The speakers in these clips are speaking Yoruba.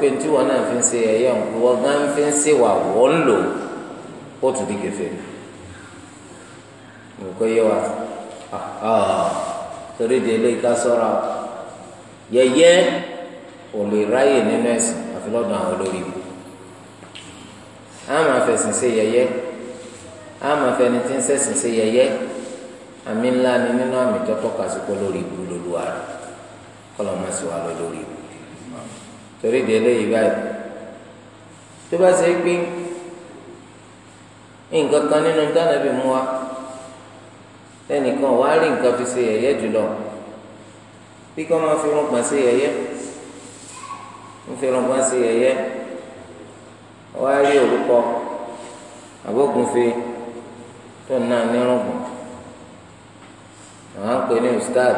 pé tí wọn náà fi ń ṣe ẹ̀yẹ wọn gan fi ń ṣe wà wọ́n ń lò ó tún di kẹfẹ́ nǹkan yé wa ah, ah, torí de ilé ká sọ́ra yẹyẹ ò lè ráyè nínú ẹ̀sìn àfi lọ́dọ̀ àwọn olórí ibu a máa fẹ̀sìn ṣe yẹyẹ a máa fẹni tí ń ṣẹ̀sìn se yẹyẹ àmì ńlá ni nínú àmì tó tọ́ka sí pé olórí ibu lolúwa rẹ̀ kọ́lọ́ máa sì wà lórí ibu torí ìdí eléyìí báyìí tó bá ṣe é pé nǹkan kan nínú dánàbí mu wa ẹnìkan wàá rí nǹkan fi ṣe yẹ̀yẹ́ jùlọ bí kò máa fi irun gbà ṣe yẹ̀yẹ́ ń fi irun gbà ṣe yẹ̀yẹ́ wàá rí orúkọ àbógunfe tó ń náà nírùngbọ̀n àwọn á pè ní ustad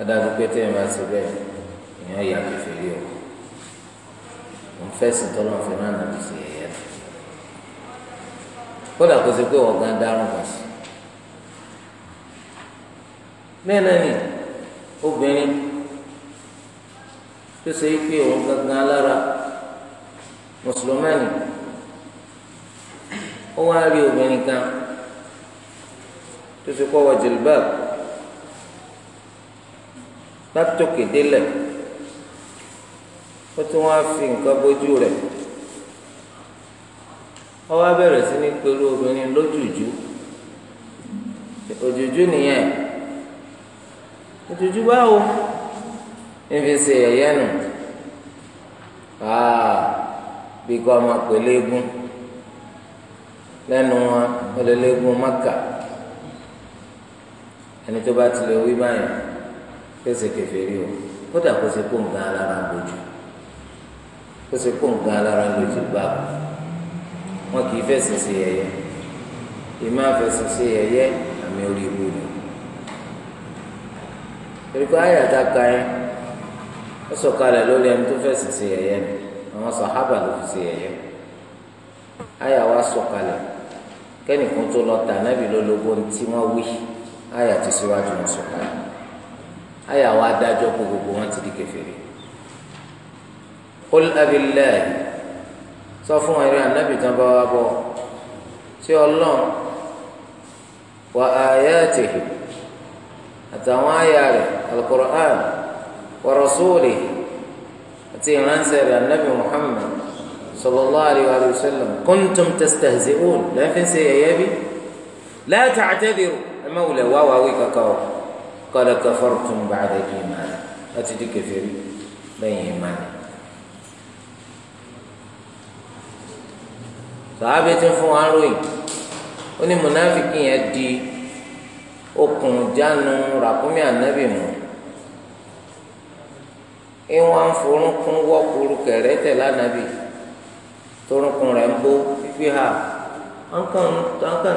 adájú pé tẹ́yìn máa ṣe bẹ́ẹ̀ èèyàn yà kẹfẹ́rí o òun fẹ́sìn tọ́lọ́ fẹ́ náà nàbì sí ẹ̀yẹ tó kódà kó ṣe pé wọ́n gan dárùn kan sí bẹ́ẹ̀ náà ni obìnrin tó ṣe pé òun gangan lára mùsùlùmánì ó wá rí obìnrin kan tó ṣe kọ́ wọ jìlbáàbù látòkè délẹ̀ ó tún wá fi nǹkan bójú rẹ̀ ó wá bẹ̀rẹ̀ sí ní pẹ̀lú obìnrin lójújú òjòjú nìyẹn òjòjú báwo níbi ṣe ẹ̀yẹ́ nù bí kò ọmọ pẹ̀lẹ́gùn lẹ́nu wọn ọlẹ́lẹ́gùn mọ́kà ẹni tó bá tilẹ̀ wí báyìí pèsè kẹfẹ́ rí o kódà kó ṣe kó nǹkan ara bójú. ó ṣe kó nǹkan alára ń lo jìlbà wọn kì í fẹsẹ̀ ṣe yẹ̀yẹ́ ìmọ̀ àfẹsẹ̀ ṣe yẹ̀yẹ́ àmì orí ibu ni erékọ́ ayàtà ka yẹn ó sọ̀kalẹ̀ lórí ẹni tó fẹsẹ̀ ṣe na ni àwọn sàhábà ló fi ṣe yẹ̀yẹ́ ayà sọ̀kalẹ̀ kẹ́nìkan tó lọ tà nábì lólobó tí wọ́n wí ayà ti síwájú wọn sọ̀kalẹ̀ wọn ti di qul abillahi sọ fún wa ìrìn ànábì tán bá wa bọ̀ tí ọlọ́run wa ayatihi àtàwọn àyà rẹ̀ alukur'an wa rasulihi àti ìránṣẹ́ rẹ̀ ànábì muhammad sallallahu alayhi wa sallam kuntum tastahzi'un lẹ́fìn ṣe yẹ̀yẹ́ bí la ta'tadiru ẹ má wulẹ̀ wá wá wí kankan o qad kafartum ba'da imani láti di kèfèrí lẹ́yìn ìmánì. sàábì tí ń fún wa ròyìn ó ní mùnáfíkì yẹn di okùn jánu ràkúnmí ànábì mú ìwọ̀n ń forúnkún wọ́kùrú kẹ̀rẹ́ tẹ̀ lánàbì torúnkún rẹ̀ ń bó fífi hà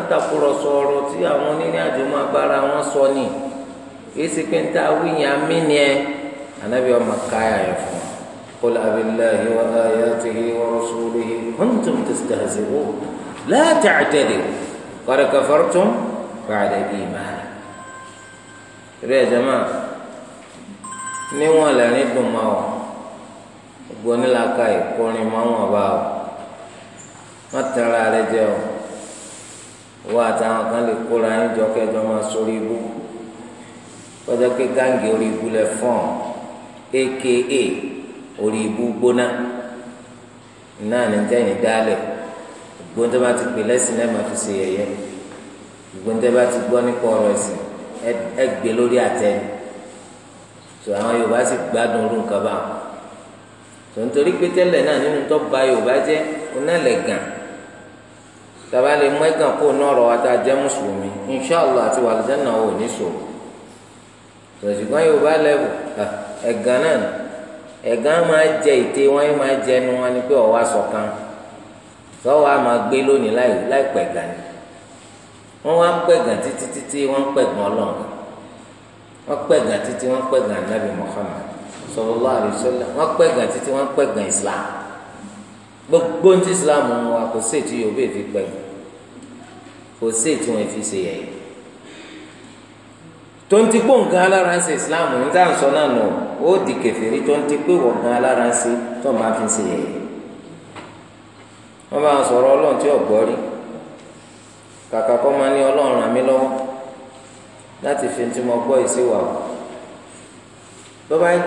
tí àwọn onírìn àjò máa wọn sọ ni èsì pé ń ta قل أبالله وآياته ورسوله كنتم تستهزئون لا تعتذروا قد كفرتم بعد إيمان يا جماعة níwọ̀n lẹ́rìn dùn máa wọ̀ gbogbo onílàáka ìkọrin máa wọ̀n bá wọ̀ má tẹ̀ra rẹ jẹ o wọ́n àtàwọn kan lè kóra yín jọ kẹjọ máa sórí ibú kọjá pé gáǹgì orí ibú lẹ aka orí ibú gbóná náà ní tẹ́yìn dálẹ̀ gbogbo tó bá ti pè lẹ́sìn náà máa fi ṣe yẹ̀yẹ́ gbogbo tó bá ti gbọ́ nípa ọ̀rọ̀ ẹ̀sìn ẹ gbé lórí àtẹ tó àwọn Yorùbá sì gbádùn orú nǹkan bá tó nítorí pé tẹ́lẹ̀ náà nínú tó ba Yorùbá jẹ́ onálẹ̀gàn tàbá lè mú ẹ̀gàn kó nọ̀rọ̀ wa tá a jẹ́ mùsùlùmí inṣàlá àti wàlùjẹ́ náà ò ní sòrò tòṣùgbọ́n Yorùbá lẹ́wọ̀ ẹ̀gàn náà ẹ̀gán máa jẹ ète wọn yóò máa jẹ ẹnu wọn ni pé ọ̀wá sọ̀kan sọ́wọ́ a máa gbé lónìí láì láì pẹ̀gàn ni wọ́n wá ń pẹ̀gàn títí títí wọ́n ń pẹ̀gàn ọlọ́run wọ́n pẹ̀gàn títí wọ́n ń pẹ̀gàn nabi Muhammad sallallahu alaihi wọ́n pẹ̀gàn títí wọ́n ń Islam gbogbo ní Islam wọn kò sí ètò Yorùbá èfi pẹ̀gàn kò sí ètò wọn èfi ṣe yẹ̀yẹ́ tó ń ti nǹkan islam n'ụdị dá nsọ náà di kèfèrí tó ti nǹkan ma fi se yẹ̀yẹ́ wọ́n bá a sọ̀rọ̀ ọlọ́run tí ọ̀gbọ́ kàkà ní láti fi tí mo o tó bá yàn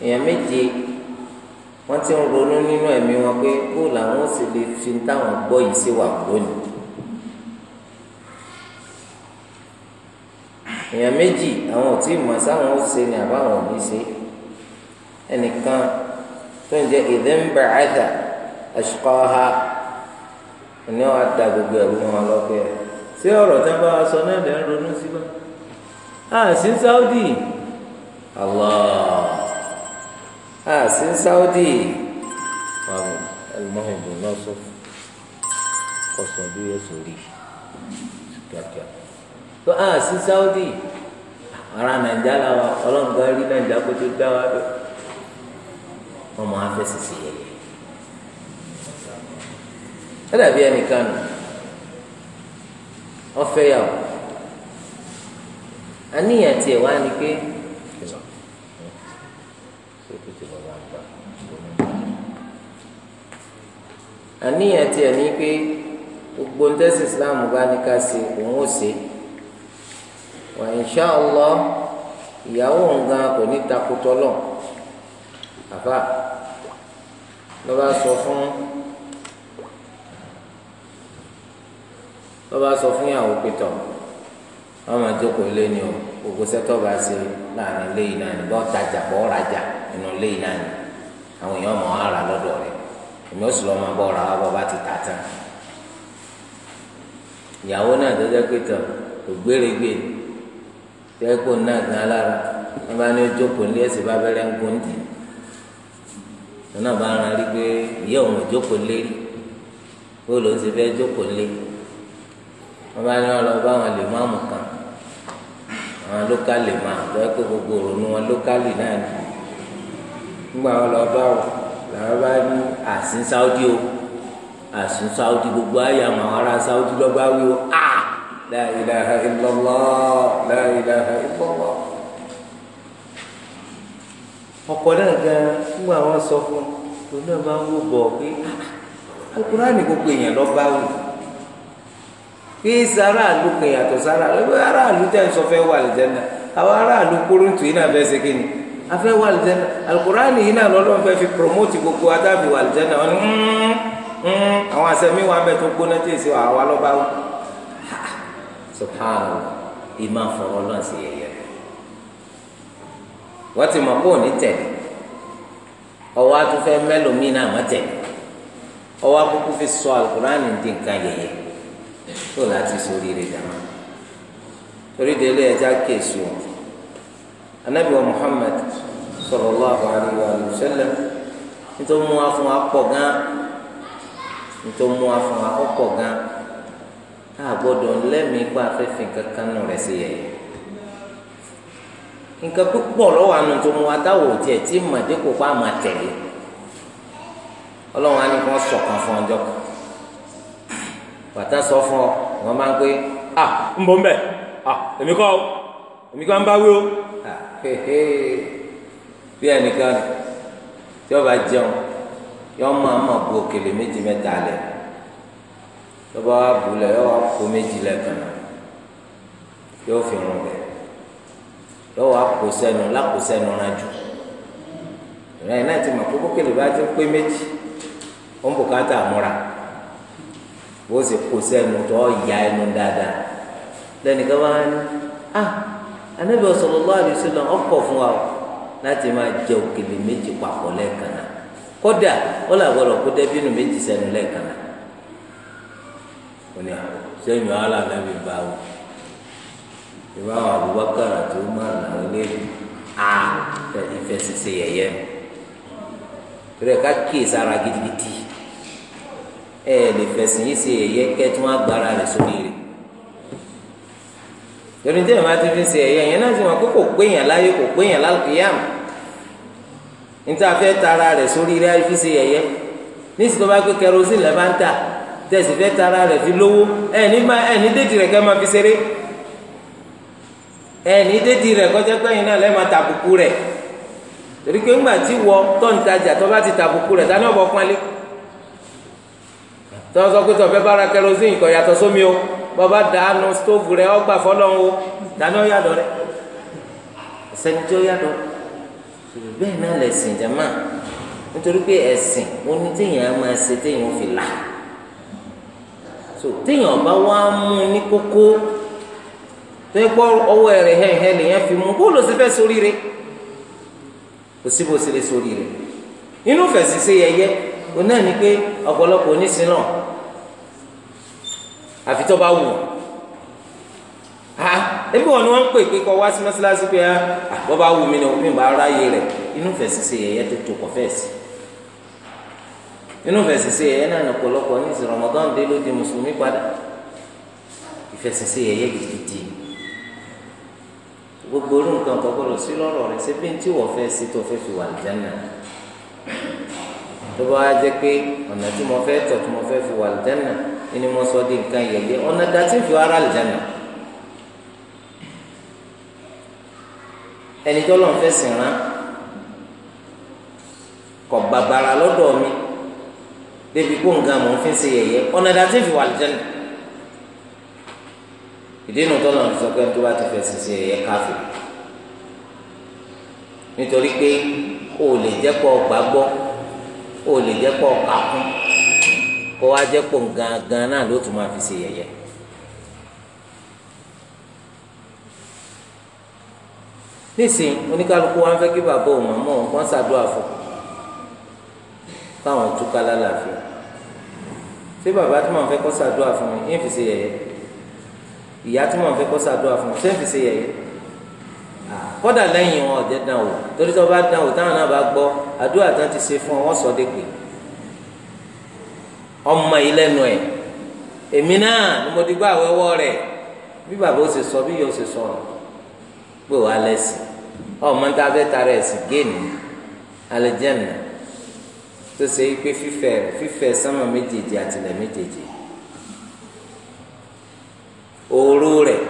èèyàn méje ti ń ronú nínú ẹ̀mí wọn pé làwọn sì èèyàn méjì àwọn ò tí ì mọ̀ sáwọn ó ṣe ni àbáwọn ò ní ṣe ẹnìkan tó ń jẹ ìdẹ́nbà àdà ẹ̀ṣọ́ha ni wọ́n á da gbogbo ẹ̀rú wọn lọ́pẹ́ ṣé ọ̀rọ̀ tí wọ́n bá sọ náà lè ń ronú sí bá a sí Saudi Allah a sí Saudi mahamud náà sọ kọsàn bí yẹn sọ rí kíákíá. tó a sí Saudi ara nàìjà la wa ọlọ́run kan rí nàìjà kó tó dá wa dó wọn mọ afẹ́sì yẹ ẹ dàbí ẹnìkan ọfẹ yà wò àníyàn wá ni pé. àníyàn Islam bá ní ká ṣe wa insha Allah ìyàwó nǹkan kò ní takotọ lọ àbá lọba sọ fún lọba sọ fún ìyàwó pétọ wọn máa jókòó ilé ni o gbogbo sẹtọ bá ṣe láàrin ilé yìí náà ni bọ́ọ̀ tajà bọ́ọ̀ rajà nínú ilé yìí náà ni àwọn èèyàn mọ̀ ara lọ́dọ̀ rẹ̀ èmi ó sì lọ́ máa bọ́ ra wa bọ́ ti tà tán ìyàwó náà tó pétọ kò gbére gbé ni tẹ́kọ̀ náà gan alára wọ́n bá ní ó jókòó nílé ẹ̀sìn bá bẹ̀rẹ̀ ń gun dì lọ́nà bá ń rárí pé ìyá òun jókòó lé bó ló ń ti fẹ́ jókòó lé wọ́n bá ní wọn lọ bá wọn lè má mú kan àwọn lókàlì máa tẹ́kọ̀ gbogbo òrònú wọn lókàlì náà ni nígbà wọn lọ bá wọn làwọn bá ní àsín sáúdí o àsín sáúdí gbogbo ayé àwọn ará sáúdí lọ́gbà wí o ah, لا إله إلا الله لا إله إلا الله ọ̀pọ̀ náà gan fún àwọn sọ fún un lónà máa ń wò bọ̀ pé ah, ah, alukurani gbogbo èèyàn lọ bá wù pé sara àlù kan yàtọ̀ sara ara àlù tẹ̀ ń sọ fẹ́ wà lẹ́jẹ̀ndà àwọn ara àlù kúrúntù yìí náà fẹ́ ṣe kí ni afẹ́ wà lẹ́jẹ̀ndà alukurani yìí náà lọ́dọ̀ fẹ́ fi promote gbogbo adábì wà lẹ́jẹ̀ndà wọn ni mm, mm, mm, àwọn asẹ́mi wà bẹ́ẹ̀ tó gbóná tí èsì wà lọ́ba wù subhanallah ìmọ̀ àfọwọ́ náà sì yẹyẹ wọ́n ti mọ̀ kó o ní tẹ̀lé ọwọ́ atúfẹ́ mẹ́lòmíì náà má tẹ̀lé ọwọ́ akókó fi sọ alukurani di nǹkan yẹyẹ tó láti sórí rẹ̀ dàmá torí délé ẹja kéésù anabi wa muhammad sallallahu alayhi wa sallam nítorí mu afun akpọ̀ gan nítorí mu afun akpọ̀ gan. àgbọ̀dọ̀ lẹ́mìí pa afẹ́fẹ́ kankan nù rẹ̀ sí yẹ nǹkan púpọ̀ lọ́wọ́ àánú tó mu adáwò tiẹ̀ tí màdékò pa àmà tẹ̀lé ọlọ́run sọ̀kan fún ọjọ́ bàtà sọ fún ọ wọn máa ń pé à ń à èmi èmi ń bá o bí ẹnìkan tí ọba jẹun bu òkèlè méjì tọ́ba wa bulẹ̀ yọ wa kó méjì lẹ́ẹ̀kan yóò fi rún bẹ̀ yọ wa kó sẹ́nu lákó sẹ́nu ránjú ìrìn náà kókó kele bá ti pé méjì ó ń bùkátà múra mụra. sì kó sẹ́nu tó ya ẹnu dáadáa lẹ́nìkan bá ní a Ànábì sallallahu alaihi wasallam ọkọ̀ fún wa láti máa jẹ òkèlè méjì papọ̀ lẹ́ẹ̀kan náà kódà làgbọ́dọ̀ kó dẹ́bínú méjì sẹ́nu lẹ́ẹ̀kan náà. òní sẹ́yìn wàhálà nàbì bá wò ìwà Abubakar àti Umar làwọn eléyìí a ìfẹsẹsẹ yẹyẹ torí ẹ ká kíyè sára gidigidi ẹ lè fẹsẹ̀ yìí ṣe yẹyẹ kẹ́ tí wọ́n á gbára rẹ̀ sórí rẹ̀ torí tí ìwà ti fi ṣe ẹ̀yẹ yẹn náà ti wọn kó kò péyàn láyé kò péyàn lálùkìyàmù níta fẹ́ tara rẹ̀ sórí rẹ̀ fi ṣe ẹ̀yẹ níṣì tó bá gbé kẹrosín lẹ́ ń tà tẹ̀sí fẹ́ tara rẹ̀ fi lówó ẹni má ẹ̀ẹ́ni dédì rẹ̀ kẹ́ máa fi ṣeré ẹ̀ẹ́ni dédì rẹ̀ kọjá pẹ́yìn náà lẹ́ẹ̀ máa tàbùkù rẹ̀ torí pé ńgbà tí wọ tọ́ǹtajà tó bá ti tàbùkù rẹ̀ tani ọ̀bọ̀ pọ́nlé tọ́ sọ pé bára o dànù ọgbà o dáná yàdọ̀ ẹsẹ̀ni yàdọ̀ bẹ́ẹ̀ náà nítorí so téèyàn bá wá mú ní kókó tó ń gbọ́ ọwọ́ rẹ̀ hẹ́hẹ́ lèyàn fi mú bóòlù sí fẹ́ sórí rẹ̀ kò sí bó sì lè sórí rẹ̀ inú fẹ̀sì sí yẹyẹ o náà ni pé ọ̀pọ̀lọpọ̀ onísìn náà àfi tó bá wù ha ebi wọn ni wọn ń pè pé kọ wá sí mọ́sálásí pé ha ah, bọ́ bá wù mí ni òfin bá ráyè rẹ̀ inú fẹ̀sì sí yẹyẹ tó tó kọ fẹ́ẹ̀sì inú fẹsẹsẹ yẹyẹ náà lọ́pọ̀lọpọ̀ ní ìsìn Ramadan dé ló di mùsùlùmí padà ìfẹsẹsẹ yẹyẹ gidigidi gbogbo orí nǹkan kan gbọ́dọ̀ sí lọ́rọ̀ rẹ̀ ṣé bí tí wọ́n fẹ́ sí tó fẹ́ fi wà lìjánà tó bá jẹ́ pé ọ̀nà tí mo fẹ́ tọ̀ tí mo fẹ́ fi wà lìjánà ni mo sọ di nǹkan yẹyẹ ọ̀nà dàtí fi ara lìjánà ẹni tó lọ́n fẹ́ sìn rán kọ̀ bàbàrà lọ́dọ̀ mi débi kó nǹkan mọ̀ ń fi ṣe yẹ̀yẹ́ ọ̀nà ìdájọ́ fi wà lẹ́jẹ̀nà ìdínà tó náà sọ pé tó bá ti fẹ́ ṣe yẹ̀yẹ́ káfí nítorí pé o lè jẹ́ pọ̀ gbàgbọ́ o lè jẹ́ pọ̀ kàkún kó wá jẹ́ pọ̀ gangan náà ló tún máa fi ṣe yẹ̀yẹ́. nísìn oníkálukú wa ń fẹ́ kí bàbá òun àmọ́ òun kàn ṣàdúrà fún un káwọn túká lálàáfíà ṣé bàbá tí mò ń fẹ́ kó ṣàdúrà fún mi yín fi ṣe yẹ̀yẹ́ ìyá tí mò ń fẹ́ kó ṣàdúrà fún mi ṣé ń fi ṣe yẹ̀yẹ́ kódà lẹ́yìn wọn ọ̀jẹ̀ dàn wò torí tí wọ́n bá dàn wò táwọn náà bá gbọ́ àdúrà tán ti ṣe fún ọ wọ́n sọ de pé ọmọ yìí lẹ́nu ẹ̀ èmi náà ni mo ti gbọ́ àwẹ́wọ́ rẹ̀ bí bàbá ó ṣe sọ bí yóò ṣe sọ̀rọ̀ pé wàá lẹ́sìn ọmọ níta fẹ́ tara ẹ̀sìn géènì alẹ́ jẹ́ nìyẹn. tó ṣe pé fífẹ̀ rẹ̀ sánmà méjèèjì àtìlẹ̀ méjèèjì òru rẹ̀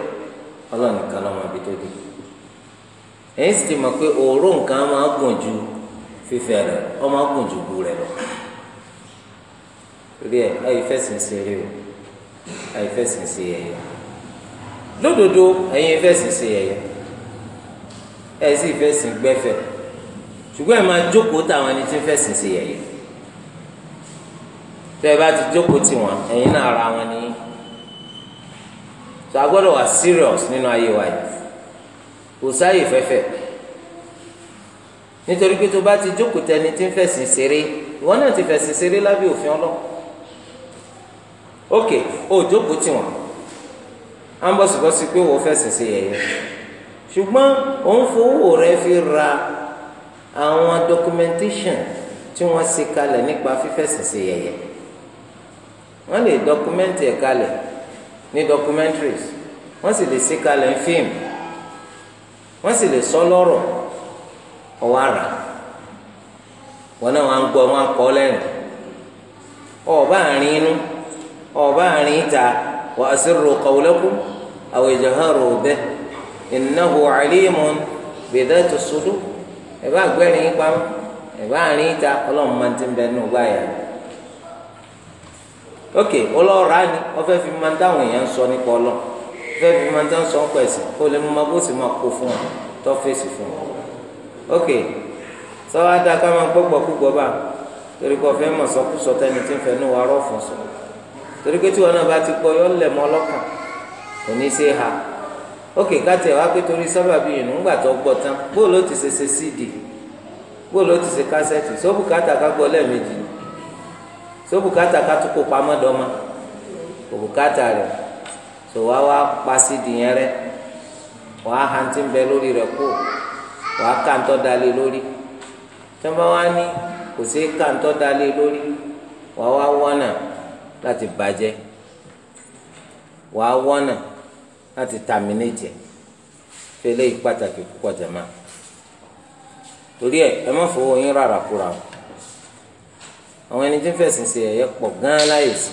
ọlọ́run nìkan lọ́mọ ibi tó dé èyí sì ti mọ̀ pé òru nǹkan máa gùn ju fífẹ̀ rẹ̀ ọ máa gùn ju gbu rẹ̀ lọ torí ẹ̀ ayé fẹ̀sìn ṣeré o ayé fẹ̀sìn ṣe yẹ̀yẹ́ lódodo ẹ̀yin fẹ̀sìn ṣe yẹ̀yẹ́ ẹ̀ sì fẹ̀sìn gbẹ́fẹ̀ ṣùgbọ́n máa jókòó táwọn ẹni tẹ́ ẹ bá ti jókòó tì wọ́n ẹ̀yin náà ara wọn ni so a gbọ́dọ̀ wà serious nínú ayé wa yìí kò sáyè fẹ́fẹ́ nítorí pé tó bá ti jókòó tẹni tí ń fẹ̀sìn ṣeré ìwọ náà ti fẹ̀sìn ṣeré lábẹ́ òfin ọlọ́ ok ó jókòó tì wọ́n à ń bọ̀sibọ́sí pé wọ́n fẹ̀sìn ṣe yẹ̀yẹ́ ṣùgbọ́n òun fowó rẹ fi ra àwọn documentation tí wọ́n ṣe kalẹ̀ nípa fífẹ̀sìn ṣe yẹ̀yẹ́ wọ́n lè dọ́kúmẹ́ǹtì ẹ̀ kalẹ̀ ní documentaries wọ́n sì lè ṣe kalẹ̀ ní fíìmù wọ́n sì lè sọ lọ́rọ̀ ọwọ́ àrà wọn náà wọn gbọ́ wọn kọ́ lẹ́nu ọba àárín inú ọba àárín ìta wa asirru qawlakum aw ijharu bih innahu alimun bidhatis sudur ẹ̀ bá gbẹ́rin pamọ́ ẹ̀ bá àárín ìta ọlọ́run máa ti ń ok ọlọ́ọ̀rá ni wọ́n fẹ́ fi máa ń dáhùn èèyàn sọ nípa ọlọ́ fẹ́ fi máa ń dáhùn sọ nípa ẹ̀sìn kó lè mú ma bó sì máa kó fún wọn tó fèsì fún wọn ok sọ́wọ́ adá ká máa gbọ́gbọ́ kúgbọ́ bá torí pé ọ̀fẹ́ mọ̀ sọkúsọ tẹni tí ń fẹ́ nù arọ́ fún sọ torí pé tí wọn náà bá ti gbọ́ yọ lẹ̀ mọ́ ọlọ́kàn kò ní í ṣe ha ok káàtì ẹ̀ wá pé torí sábàbí ìnú ńgbà tó gbọ́ tán bóòlù ó ti ṣe ṣe síìdì bóòlù ó ti ṣe kásẹ̀tì sóbùkátà ká gbọ́ lẹ́ẹ̀mejì ni so bùkátà ká tó kó pamọ́ dọ́mọ kò so wá wá pasi dìyẹn rẹ̀ wàá hantí ń bẹ lórí rẹ̀ kú wàá kàńtọ́ dalé lórí tí wọ́n wá ní kò sí kàńtọ́ dalé lórí wàá wá wọ́nà láti bàjẹ́ wàá wọ́nà láti tàmínéjẹ fẹlẹ́ yìí pàtàkì púpọ̀ jẹ̀má torí ẹ ẹ má fowó yín rárá o àwọn ẹni tí ń fẹ̀sìn ṣe ẹ̀yẹ pọ̀ gan láyè sí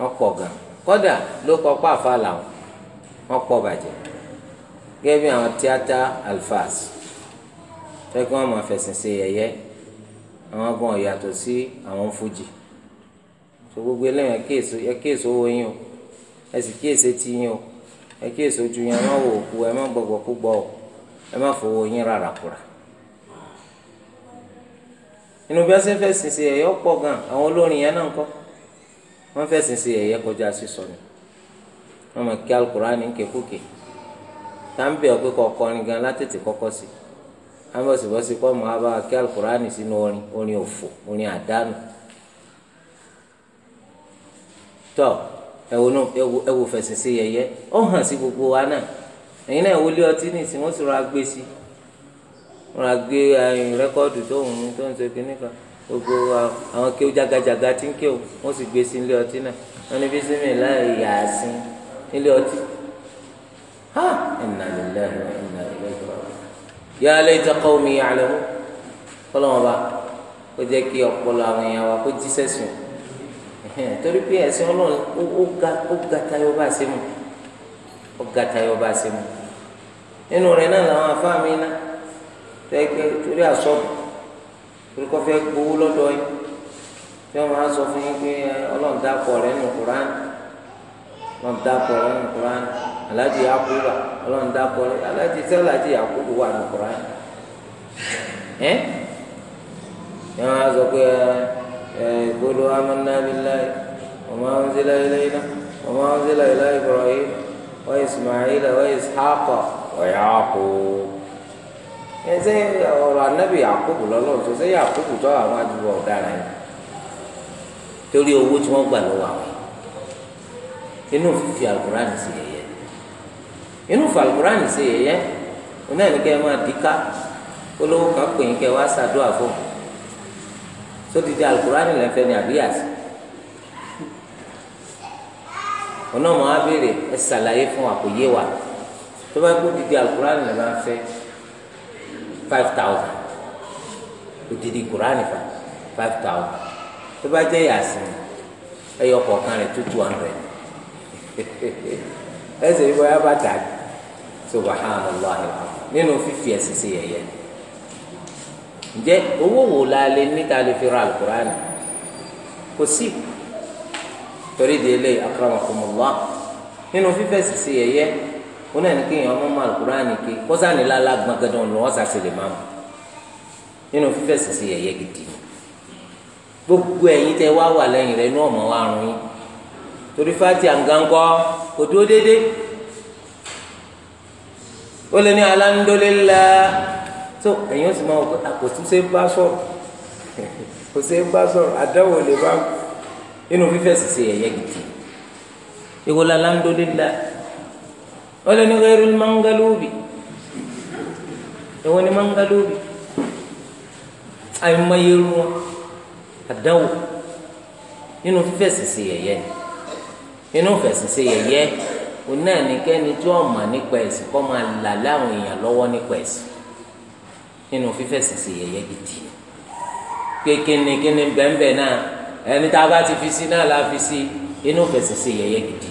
wọ́n pọ̀ gan kódà ló kọ́ pàfà làwọn wọ́n pọ̀ bàjẹ́ gẹ́gẹ́ bí àwọn tíátá alfas fẹ́ kí wọ́n máa fẹ̀sìn ṣe ẹ̀yẹ àwọn gan yàtọ̀ sí àwọn fújì tó gbogbo eléyìí ẹ kíyèsí owó yín o ẹ sì kíyèsí etí yín o ẹ kíyèsí ojú yín ẹ má wò ó kú ẹ má gbọgbọ kú gbọ ọ ẹ má fowó yín rárá kúrà. inú bí wọ́n ṣe fẹ́ sìn sí gan àwọn olórin yẹn náà ń kọ́ wọ́n fẹ́ sìn sí ẹ̀yẹ kọjá sísọ ni wọ́n mọ̀ kí alukurani ń kékúké táǹbẹ̀ ọ̀pẹ kọ̀ọ̀kọrin gan látètè kọkọ sí ámbọ̀sibọ́sí kọ́ mọ́ abá kí sínú orin orin òfò orin àdánù tọ́ ẹ̀wò náà ẹ̀wò yeye sí ẹ̀yẹ si gbogbo wa náà ẹ̀yin náà ẹ̀wò lé wọn á gbé rẹ́kọ́ọ̀dù tó ń tó ń ṣe kínní kan gbogbo àwọn jagajaga tí ń wọn sì gbé sí ilé ọtí náà wọn ní bísímì láì yà á sí ilé ọtí. inna lillahi bá ó jẹ́ kí àwọn èèyàn wa kó jí a tẹ́ pé torí àsọ̀bù torí kọ́ fẹ́ gbowó lọ́dọ̀ yìí tí wọ́n máa sọ fún yín pé ọlọ́run dàpọ̀ rẹ̀ nù kúránì ọlọ́run dàpọ̀ rẹ̀ nù kúránì aláàjì yakuba ọlọ́run dàpọ̀ rẹ̀ aláàjì sẹ́wọ́n aláàjì yakubu wà nù kúránì ẹ́ tí wọ́n máa sọ pé ẹ̀ gbolo amanna billahi wa ma unzila ilayna wa ma unzila ila ibrahim wa ismaila wa ishaqa wa yaqub ẹsẹ ọ̀rọ̀ anabi yakubu lọlọrun tó ṣe yakubu tó àwọn àdúgbò ọ̀daràn yìí torí owó tí wọn gbà lọ́wọ́ àwọn inú fífi alukurani sí yẹ̀yẹ́ inú fífi alukurani sí yẹ̀yẹ́ oní ẹnikẹ́ máa dìka olówó kan pè é kẹ́ wá sàdúrà fún sódìdí alukurani lẹ́fẹ̀ẹ́ ní àbíyàsí oní ọmọ wa béèrè ẹ ṣàlàyé fún wa kò yé wa tó bá gbó dìde alukurani lẹ́ five thousand odidi kurani fa five thousand tó bá jẹ́ yàsìn ẹyọ kọ̀ọ̀kan rẹ̀ tó two hundred ẹsẹ̀ yìí bọ́yá bá dà subahánàlá nínú fífi ẹ̀sìn sí yẹ̀yẹ́ ǹjẹ́ owó wo la lè níta lè fi ra alukurani kò sí torí de ilé akramakumullah nínú fífẹ̀sìn sí yẹ̀yẹ́ ó náà ní kéèyàn ọmọ máa alukurani ké kọ́sánì lálá gbọ́ngàdàn ló wọ́n sàṣẹ lè máa mọ̀ nínú fífẹ́ sèse ẹ̀yẹ gidi gbogbo ẹ̀yin tẹ wá wà lẹ́yìn rẹ inú ọmọ wa rún yín torí fati àǹgáńkọ́ kò dúró dédé ó lé ní alándólélá tó ẹ̀yin ó sì máa wọ kó tó ṣe bá sọ̀rọ̀ kò ṣe bá sọ̀rọ̀ àdáwò lè bá nínú fífẹ́ sèse ẹ̀yẹ gidi ìwòlá alándólélá ó lé ní ghairil mangalubi ìwọ ni mangalubi àìmọye irun wọn àdánwò nínú fífẹ̀sì sí yẹyẹ nínú fẹ̀sì sí yẹyẹ òun náà ní kẹ́ni tí wọ́n mọ̀ nípa ẹ̀sìn kọ́ máa là láwọn èèyàn lọ́wọ́ nípa ẹ̀sìn nínú fífẹ̀sì sí yẹyẹ gidi pé kíni kíni náà ẹni tá a bá ti fi sí náà la fi sí inú fẹ̀sì sí yẹyẹ gidi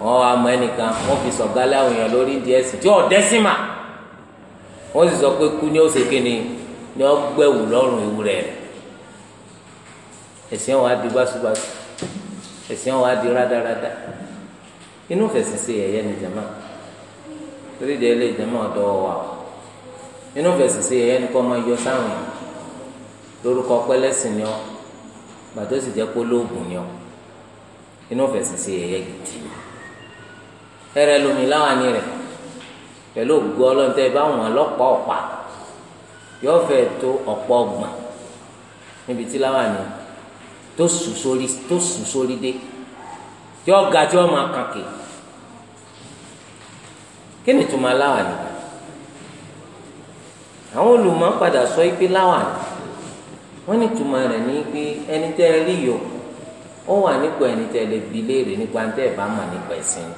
wọn wá mọ ẹnìkan wọn fi sọ̀gálẹ̀ àwọn èèyàn lórí díẹ̀ sí tí ọ̀ dẹ́sìmà wọn sì sọ pé kú ni ó ṣe kíni ni ó gbẹ̀wù lọ́rùn ewúrẹ́ rẹ̀ ẹ̀sìn wọn á di báṣubàṣu ẹ̀sìn wọn á di rádaràda inú fẹ̀sìn ṣe yẹ̀yẹ́ ni jama torí ìdí ẹlẹ́yìí jama ọ̀dọ́ wa inú fẹ̀sìn ṣe yẹ̀yẹ́ ni kọ́ máa yọ sáwọn yìí lórúkọ pẹ́lẹ́sìn ni ọ gbàtó sì jẹ́ pé olóògùn ni ọ inú fẹ̀sìn ṣe yẹ̀yẹ́ gidi ẹrẹ lomi láwọn àní rẹ pẹ̀lú ògùn Ọlọ́run tẹ bá wọn lọ́pọ̀ ọ̀pá yóò fẹ́ tó ọ̀pọ̀ ọgbọ̀n níbi tí láwọn àní tó sùn sórí tó sùn sórí dé tí ọ̀gá tí wọ́n máa kàn kì kí ni tuma láwọn ni àwọn olùmọ̀ padà sọ pé láwọn àní wọ́n ní rẹ̀ ní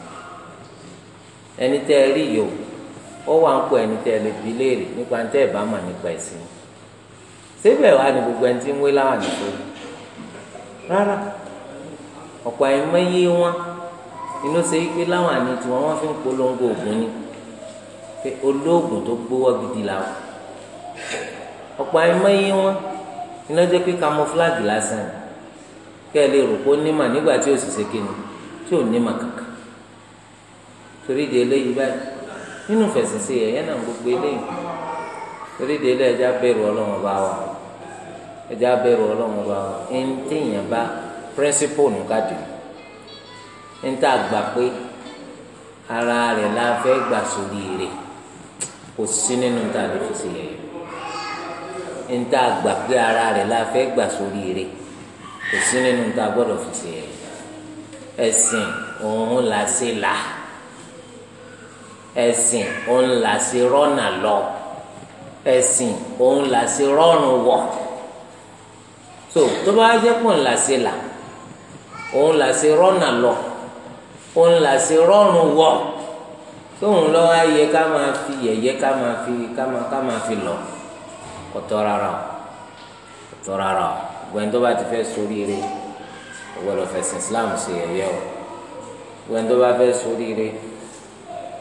ẹni tẹ́ ẹ rí yòó ó wà ń kó ẹni tẹ́ ẹ lè bi léèrè nípa ní tẹ́ ẹ bá mà nípa ẹ̀sìn síbẹ̀ wà ní gbogbo ẹni tí ń wé láwọn àdìgbò rárá ọ̀pọ̀ àìmọye wọn inú ṣe é pé láwọn àní tiwọn wọn fi ń polongo ògùn ni pé olóògùn tó gbówó gidi làwọn ọ̀pọ̀ àìmọye wọn iná jẹ́ pé camouflage lásán kẹ́ ẹ lè rò pé ó nímà nígbà tí ò sì ṣe kíni tí ò nímà kankan torí di eléyìí báyìí nínú fẹsẹsẹ yẹ yẹn náà gbogbo eléyìí torí di eléyìí ẹja bẹ̀rù Ọlọ́run ọba wa ẹja bẹ̀rù Ọlọ́run ọba wa ẹni tí èèyàn bá pírẹsípò nù káàdì ẹni tá a gbà pé ara rẹ̀ la fẹ́ gbà sórí rẹ̀ kò sí nínú tá a fi ṣe yẹ̀yẹ́ ẹni pé ara rẹ̀ la fẹ́ gbà sórí rẹ̀ kò sí nínú tá a fi ṣe yẹ̀yẹ́ òun la ṣe là. La ẹ̀sìn òun là sí rọ́nà lọ ẹ̀sìn òun là sí rọ́rùn wọ̀ so tó bá jẹ́ pọ̀ ńlá sí là òun là sí rọ́nà lọ òun là sí rọ́rùn wọ̀ tóun lọ́ ayẹ ká máa fi yẹ̀yẹ́ ká máa fi ká máa ká máa fi lọ kọ̀tọ́ rárá o kọ̀tọ́ rárá o gbẹ̀ǹ tó bá ti fẹ́ ṣoríire ọgbọ́dọ̀ fẹ̀sìn Islam ṣe yẹ̀yẹ́ o gbẹ̀ǹ tó bá fẹ́ ṣoríire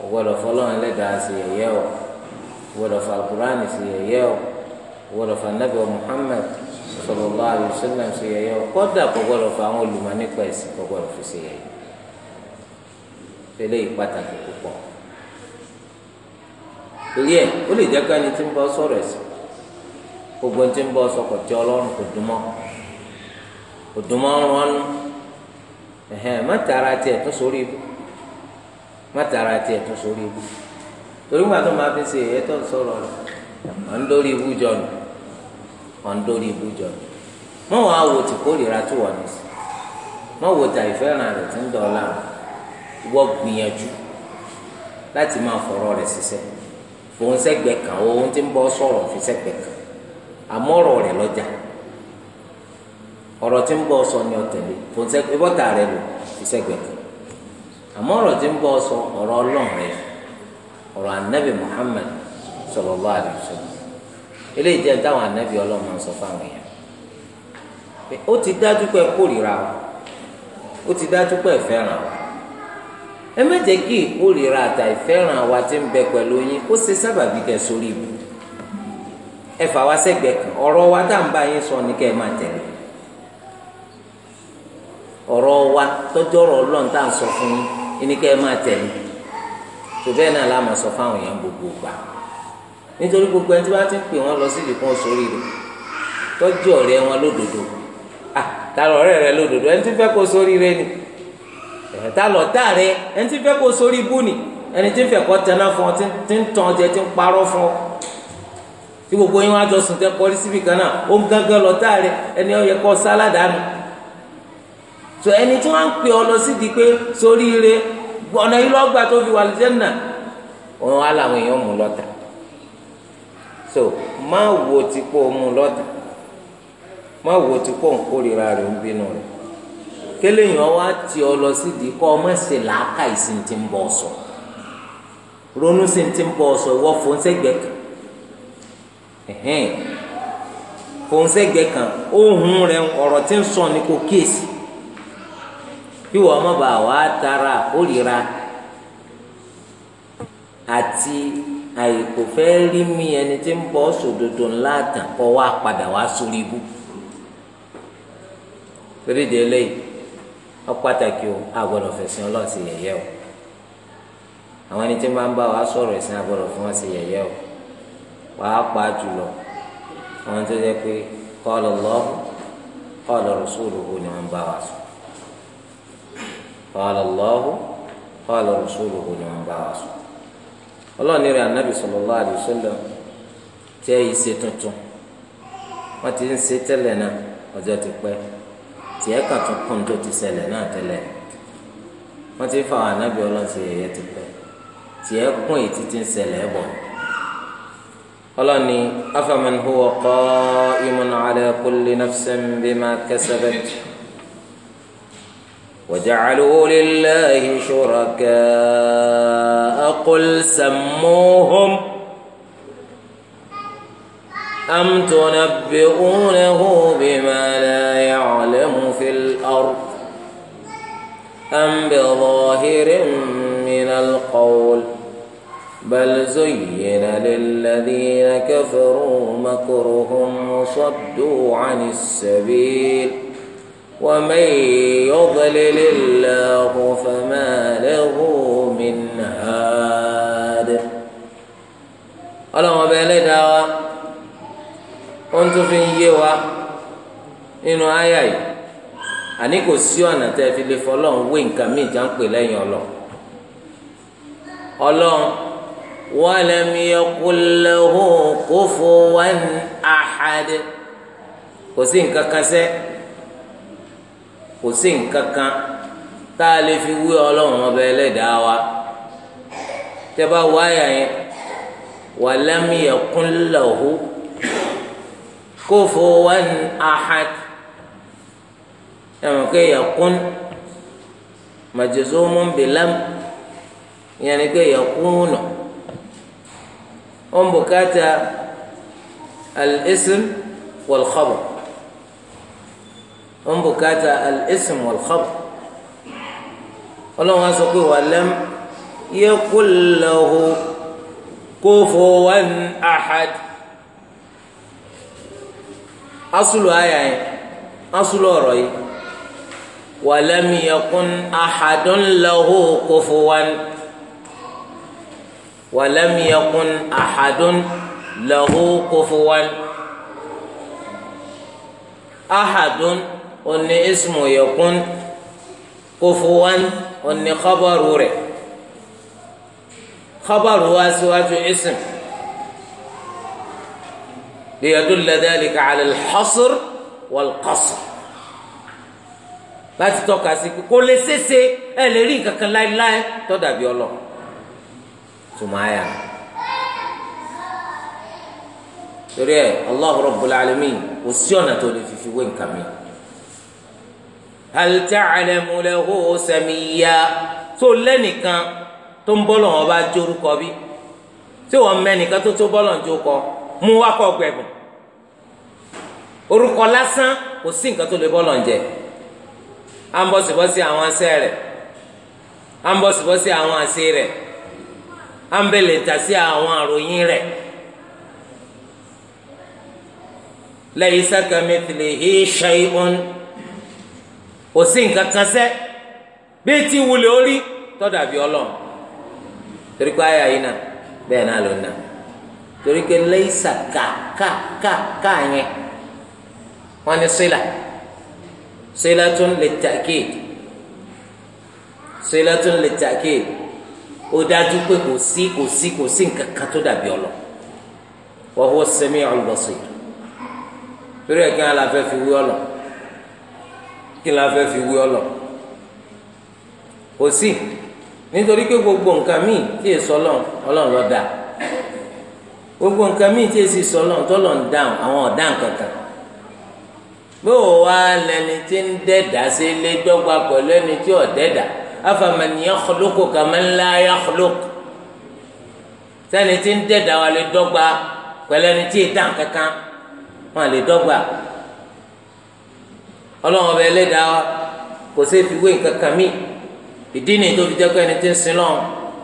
ògbọ́dọ̀ fọlọ́run ẹlẹ́dàá sí yẹ̀yẹ́ o ògbọ́dọ̀ fà alukur'an sí yẹ̀yẹ́ o ògbọ́dọ̀ fà nabi muhammed sallallahu alaihi wasallam sí yẹ̀yẹ́ o kódà kò gbọ́dọ̀ fà àwọn olùmọ̀ nípa ẹ̀sìn kò gbọ́dọ̀ fi sí yẹ̀yẹ́ tẹ́lẹ̀ yìí pàtàkì púpọ̀ torí ẹ̀ ó lè jẹ́ ká ẹni tí ń bọ́ sọ̀rọ̀ ẹ̀sìn gbogbo tí ń bọ́ sọkọ̀ tí ọlọ́run kò dùn kò dùn mọ́ ọ̀nù ẹ̀hẹ́n mọ́tàrà tiẹ̀ tó sórí ibú má tara tiẹ̀ tún sórí ibú torí wọn àtọ́ máa fi ṣe èyẹ tó ń sọ̀rọ̀ rẹ̀ ọ̀ dórí ibú jọ nù ọ̀ dórí ibú jọ nù mọ́ wọn á wo kórìíra tó wà ní sí mọ́ wo tà ìfẹ́ràn rẹ̀ tí ń dọ̀ọ́lá wọ́n gbìyànjú láti máa fọ̀rọ̀ rẹ̀ ti ń bọ́ sọ̀rọ̀ fi sẹ́gbẹ̀ẹ́ kan ni ọ̀tẹ̀lẹ̀ fòun sẹ́gbẹ̀ẹ́ bọ́tà rẹ̀ lò fi sẹ́gbẹ̀ẹ́ àmọ́ ọ̀rọ̀ tí ń bọ́ sọ ọ̀rọ̀ ọlọ́run rẹ ọ̀rọ̀ anabi muhammed sallallahu alaihi wasallam eléyìí jẹ́ táwọn anabi ọlọ́run sọ ti dájú pé kórìíra wa ó ti dájú pé fẹ́ràn wa ẹ kí ìkórìíra ìfẹ́ràn wa ti ń bẹ pẹ̀lú yín ó ṣe kẹ sórí ẹ fà wá sẹ́gbẹ̀ẹ́ kan ọ̀rọ̀ wa ń bá yín sọ kẹ́ ẹ máa tẹ̀lé ọ̀rọ̀ wa ẹni kẹ́ ẹ máa tẹ̀lé tó bẹ́ẹ̀ náà láàmú sọ fáwọn èèyàn gbogbo gbà nítorí gbogbo ẹni tí wọ́n ti ń pè wọ́n lọ sí ìdìkan sórí rẹ̀ tọ́jú ọ̀rẹ́ wọn lódodo à tààrọ̀ ọ̀rẹ́ rẹ lódodo ẹni tí ń fẹ́ kó sórí rẹ ni tààlọ̀ tá rẹ ẹni tí ń fẹ́ kó sórí bú ni ẹni tí ń fẹ́ kọ́ tẹná fún ọ tí ń tàn jẹ tí ń parọ́ fún ọ tí gbogbo yín wá jọ sùn tẹ kọrí síbi kan náà ó ń gángan lọ tá ẹni ó yẹ kó sáládàá so ẹni tí wọ́n ń pè ọ lọ sí di pé sórí ire ọ̀nà yìí lọ́gbà tó fi wà lè jẹ́nà wọn á làwọn èèyàn mú lọ́tà so má wo ti pọ̀ mú lọ́tà má wo ti pọ̀ nkórira rẹ̀ ń bínú rẹ̀ kéléyìn ọwọ́ ti ọ sí di kọ́ ọmọ ẹsẹ̀ làákà ti ń bọ̀ ọ̀sọ̀ ronú sí ń bọ̀ wọ́ fòǹsẹ̀gbẹ̀ kan fòǹsẹ̀gbẹ̀ kan ohun rẹ̀ ọ̀rọ̀ ti ń sọ ni kò ìwọ ọmọ bá wà á tara òrìra àti àìkò fẹ́ rí mi ẹni tí ń bọ́ sòdodo ńlá tàn kọ́ wá padà wá sórí ibú torí de eléyìí ọ pàtàkì o àgbọ̀dọ̀ fẹ̀sìn ọlọ́ọ̀sì yẹ̀yẹ́ o àwọn ẹni tí ń bá ń bá wa sọ̀rọ̀ ẹ̀sìn àgbọ̀dọ̀ fún wọn sí yẹ̀yẹ́ o wàá pa jùlọ àwọn tó jẹ́ pé qala Allah qala rasuluhu ni wọ́n ń bá wa sọ qala Allahu qala rasuluhu ni wọ́n bá wa sọ. ọlọ́ọ̀ni rẹ̀ anabi sallallahu alaihi wasallam tẹ́ ìṣe tuntun wọ́n ti ń ṣe tẹ́lẹ̀ náà ọjọ́ ti pẹ́ tiẹ̀ kàn tún kún tó ti ṣẹlẹ̀ náà tẹ́lẹ̀ wọ́n ti ń fa àwọn anabi ọlọ́ọ̀sẹ̀ yẹ̀yẹ́ ti pẹ́ tiẹ̀ kún èyí ti ti ń ṣẹlẹ̀ bọ̀ ọlọ́ọ̀ni afaman huwa qa'imun ala kulli nafsin bima kasabat. وجعلوا لله شركاء قل سموهم أم تنبئونه بما لا يعلم في الأرض أم بظاهر من القول بل زين للذين كفروا مكرهم وصدوا عن السبيل ومن يضلل الله فما له من هاد ọlọ́wọ́n ọba ẹlẹ́dàá wa ó ń tún fi ń yé wa nínú àyà yìí àní kò sí ọ̀nà tẹ́ fi lè fọlọ́run wé nǹkan míì já ń pè lẹ́yìn ọlọ́run ọlọ́run walam yakul lahu kufuwan ahad kò sí nǹkan kan sẹ́ẹ́ kò sí nǹkan kan tá a lè fi wé ọlọ́run ọba ẹlẹ́dàá wa tẹ́ bá wáyà yẹn walam yakun lahu kufuwan ahad ẹ̀mọ̀ kẹ́ yakun majzumun bilam ìyẹn ni kẹ́ yakunu ó ń bùkátà al-ism ń bùkátà al-ism wal-khabar ọlọ́run á sọ pé walam yakul lahu kufuwan ahad asulu aya yẹn asulu ọ̀rọ̀ yìí walam yakun ahadun lahu kufuwan walam yakun ahadun lahu kufuwan ahadun oní ismu yakun kufuwan oní khabaru rẹ̀ khabaru wá síwájú ism liyadulla dhalika ala al-hasr wal-qasr láti tọ́ka sí kó lè ṣeéṣe ẹ lè rí nǹkan kan láéláé tó dàbí ọlọ tùmáyà torí ẹ Allahu Rabbul Alamin kò sí ọ̀nà tó lè fi fi wé nǹkan mi hal ta'lamu lahu samiyya tó lẹ́nìkan tó ń bọ́lọ̀ wọn bá jórúkọ bí tí wọ́n mẹ́nìkan tó tó bọ́lọ̀ ń jókọ mú wá kọ́ gbẹ̀bùn orúkọ lásán kò sí nǹkan tó lè bọ́lọ̀ ń jẹ à ń bọ̀sibọ́sí àwọn asẹ́ rẹ̀ à ń bọ̀sibọ́sí àwọn asẹ́ rẹ̀ à ń bẹ̀lẹ̀ ta sí àwọn àròyìn rẹ̀ laysa kamithlihi shay'un kò sí nǹkan kan sẹ́ bí ti wulẹ̀ orí tọ́dà bí ọlọ́run torí pé àyà yìí náà bẹ́ẹ̀ náà ló náà torí pé lẹ́yìísà ká ká ká ká yẹn wọ́n ní sílà sílà tún lè tàkì sílà tún lè tàkì ó dájú pé kò sí kò sí kò sí nǹkan kan tó dàbí ọlọ́run wa huwa as-sami'ul basir torí ẹ̀gbọ́n aláfẹ́ fi wí ọlọ́run kí la fẹ́ fi wé ọ lọ kò sí nítorí pé gbogbo nǹkan míì tí è sọ lọ ọlọ́run ló dá gbogbo nǹkan míì tí è sì sọ lọ tọ́lọ̀ ń dáhùn àwọn ọ̀dá nǹkan kan bó o wá lẹni tí ń dẹ́dà sí ilé dọ́gba pẹ̀lú ẹni tí ò dẹ́dà afaman yakhluqu kaman la yakhluq sẹ́ni tí ń dẹ́dà wa lè dọ́gba pẹ̀lú ẹni tí ì dá nǹkan wọn lè dọ́gba. ọlọ́run ọba ẹlẹ́dàá kò sí fi nǹkan kan mí ìdí ni tó fi jẹ́ pé ẹni tí ń sin lọ́n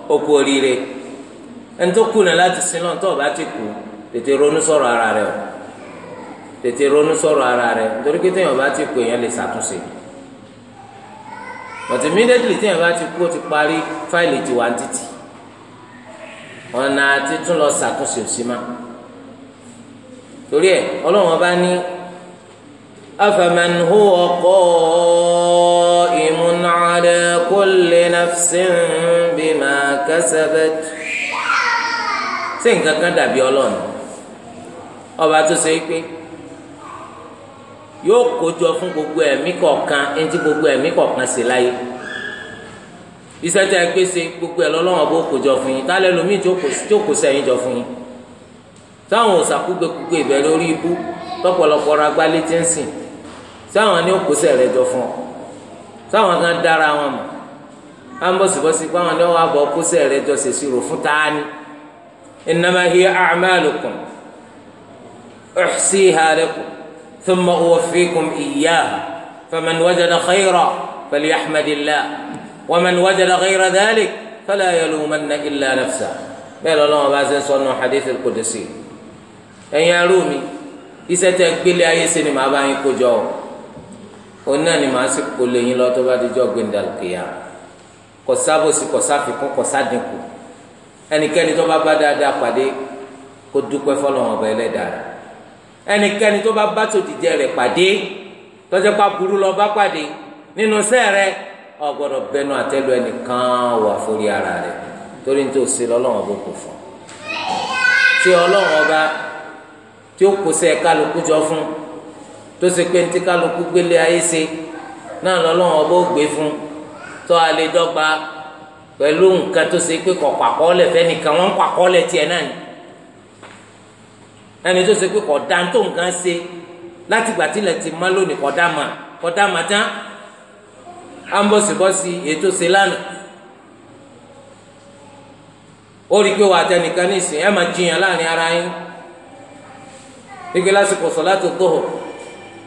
ó oríire ẹni tó kùnà láti sin lọ́n tó kú tètè ronú sọ̀rọ̀ ara rẹ̀ tètè ronú sọ̀rọ̀ ara rẹ̀ nítorí pé téèyàn bá ti kú èèyàn lè ṣàtúnṣe téèyàn ti kú ó ti parí fáìlì tiwa أفمن هو قائم على كل نفس بما كسبت ṣé nǹkan kan dàbí Ọlọ́run ọba tó yóò kójọ fún gbogbo ẹ̀mí gbogbo ẹ̀mí kọ̀ọ̀kan si láyé iṣẹ́ tí a gbé ṣe gbogbo ẹ̀ lọ́lọ́wọ́n bó fún yín lomi jọ fún yín táwọn ibú ra sáwọn ni ó kó sẹ̀rẹ̀ jọ fún ọ sáwọn kan dára wọn mọ̀ á ń bọ̀sibọ́sí pé àwọn ni wọ́n á bọ̀ kó sẹ̀rẹ̀ jọ ṣèṣì rò fún tání innama hiya a'malukum uhsiha lakum thumma uwaffikum iyyaha faman wajada khayra falyahmadillah waman wajada ghayra dhalik fala yalumanna illa nafsa bẹ́ẹ̀ lọ́lọ́wọ́n bá ṣe ń sọnù hadith al ẹ̀yin arúmi iṣẹ́ gbélé ayé ṣe bá yín kó jọ òun náà ni màá sì polè yín lọ tó bá di jọ gbẹndàlùkìyà kò sábòsí kò sáfikún kò sádínkù ẹnikẹ́ni tó bá bá dáadáa pàdé kó dúpẹ́ fọlọ́wọn ọba ẹlẹ́dàá rẹ̀ ẹnikẹ́ni tó bá bá tòdìjẹ rẹ̀ pàdé tọ́jọ́ pa burú lọ bá pàdé nínú sẹ́ẹ̀rẹ́ o gbọ́dọ̀ bẹnu àtẹ́lu ẹnìkan wà forí ara rẹ̀ torí ní tó ṣe lọ́lọ́wọ́n bó kò fún tí ọlọ́wọ́n ọba tí ó kó sẹ́ẹ̀ kálukú jọ fún tó ṣe pé ntí kálukú gbélé ayé ṣe náà lọ́lọ́run ọba gbé fún tó a lè dọ́gba pẹ̀lú nǹkan tó ṣe pé kọ̀ pàkọ́lẹ̀ fẹ́nìkan wọ́n ń pàkọ́lẹ̀ tiẹ̀ náà ni ẹni tó ṣe pé kọ̀ dá tó nǹkan ṣe ti lónìí kọ̀ dá mà kọ̀ dá mà tán á ń ètò ṣe lánàá ó rí i pé wà á ní ìsìn ẹ̀ máa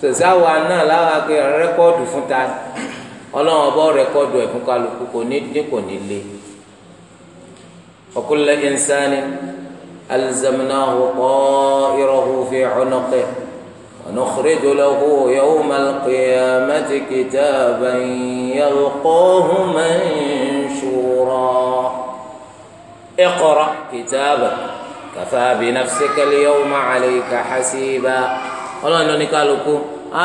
sàwa náà láwa gbé rẹ́kọ́ọ̀dù fún ta ọlọ́run ọbọ̀ rẹ́kọ́ọ̀dù ẹ̀ fún kálukú kò ní dín kò ní lé وكل إنسان ألزمناه طائره في عنقه ونخرج له يوم القيامة كتابا يلقاه منشورا اقرأ كتابك كفى بنفسك اليوم عليك حسيبا ọlọ́run lọ́ni kálukú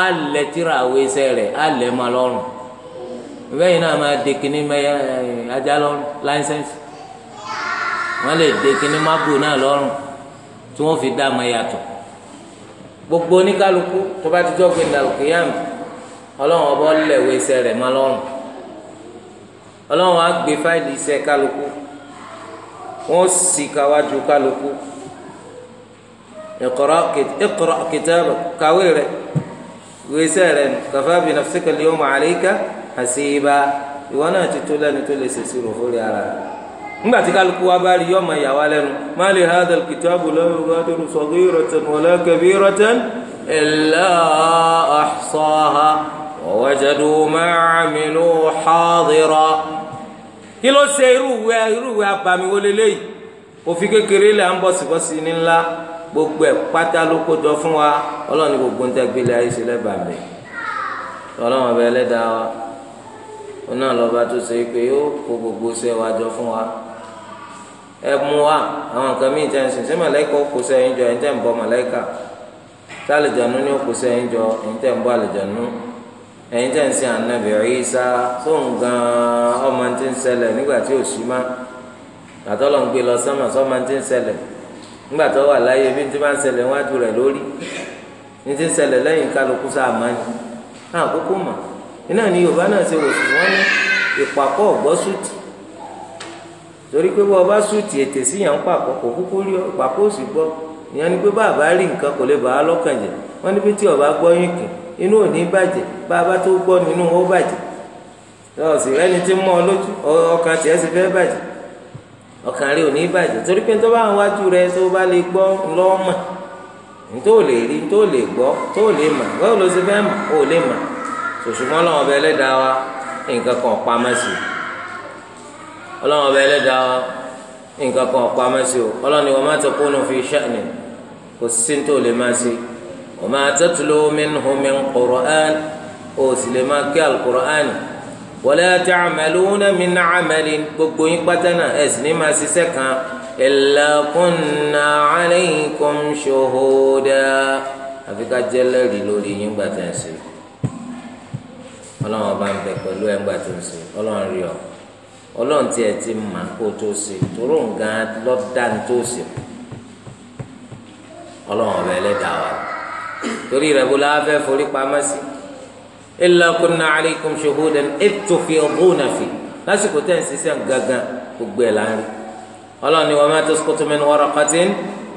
á lẹ tíra àwọn iṣẹ́ rẹ̀ á lẹ ma lọ́rùn bẹ́ẹ̀ náà máa de kínní mẹ́yà ajá lọ́rùn láńsẹ́ǹsì wọ́n lè de kínní mágò náà lọ́rùn tí wọ́n fi dá ma yàtọ̀ gbogbo oníkálukú tó bá ti jọ́gbìn dàlùkì yá mi ọlọ́run ọba ọlẹ́wọ̀ iṣẹ́ rẹ̀ ma lọ́rùn ọlọ́run á gbé fáìlì iṣẹ́ kálukú wọ́n sì káwájú kálukú iqra kitaabak kàwé rẹ wíwísẹ́ rẹ kafa bi nafsika al-yawma alayka hasiba ìwọ náà ti tó lẹ́nu tó lè sèṣì rò fúri ara rẹ nígbà tí kálukú wa bá rí yọ ọmọ ìyàwó lẹ́nu má lè hadha al-kitabu la yughadiru saghiratan wala kabiratan illa ahsaha wa wajadu ma amilu hadira kí ló ṣe irú ìwé irú ìwé abàmì wọlé léyìí òfin kékeré là ń bọ̀ síbọ̀sí ní ńlá gbogbo ẹ̀ pátá ló kójọ fún wa ọlọ́run gbogbo ń tẹ́gbélé ayé ṣe lẹ́bàá mi ọlọ́run ọba ẹlẹ́dàá wa wọn náà lọ́ba tó ṣe pé yóò kó gbogbo fún wa ẹ mú wa àwọn nǹkan míì tẹ́ sí jọ ń mọ̀lẹ́kà tá àlejànú ni ó kó jọ ń àlejànú ń nígbà tó wà láyé bí n ti máa ń ṣẹlẹ̀ wájú rẹ̀ lórí ní ti ń ṣẹlẹ̀ lẹ́yìn kálukú sáà máa náà iná ni yorùbá náà ṣe wò sí wọn ní ọ̀gbọ́ sùtì torí ọba sùtì ètè sí yàn ń pàkọ́ kò kúkú rí òsì gbọ́ ìyẹn ni pé bàbá rí nǹkan kò lè lọ́kàn ọba gbọ́ yín kì inú ò ní bàjẹ́ tó gbọ́ ó bàjẹ́ ọkàn rẹ ò ní bàjẹ́ torí pé tó bá ń wájú rẹ tó bá lè gbọ́ lọ́mọ̀ tó lè rí tó lè gbọ́ tó lè mà báwo ló ṣe fẹ́ mà ó lè mà ṣùṣùmọ́ ọlọ́run ọba ẹlẹ́dàá wa nǹkan kan pamọ́ sí i ọlọ́run ọba ẹlẹ́dàá wa nǹkan kan pamọ́ sí i ọlọ́run ni máa fi kò sí tó lè ó wala ta'maluna min 'amalin gbogbo yín pátá náà ẹ̀ sì ní máa ṣiṣẹ́ kan illa kunna 'alaykum shuhuda àfi ká jẹ́ lẹ́rìí lórí yín gbà tẹ̀ ń ṣe ọlọ́run ọba ń bẹ pẹ̀lú ẹ̀ gbà tẹ̀ ń ṣe ọlọ́run rí ọ ọlọ́run tiẹ̀ ti mà kó tó ṣe tóró nǹkan lọ́dà tó ṣe ọlọ́run ọba ẹlẹ́dàá wa torí rẹ̀ bó la forí pamọ́ sí i illa kunna alaykum shuhudan id tufiduna fi lásìkò tẹ̀ ń ṣiṣẹ́ gangan gbogbo ẹ̀ láàrin ọlọ́run ni wa ma tasqutu min waraqatin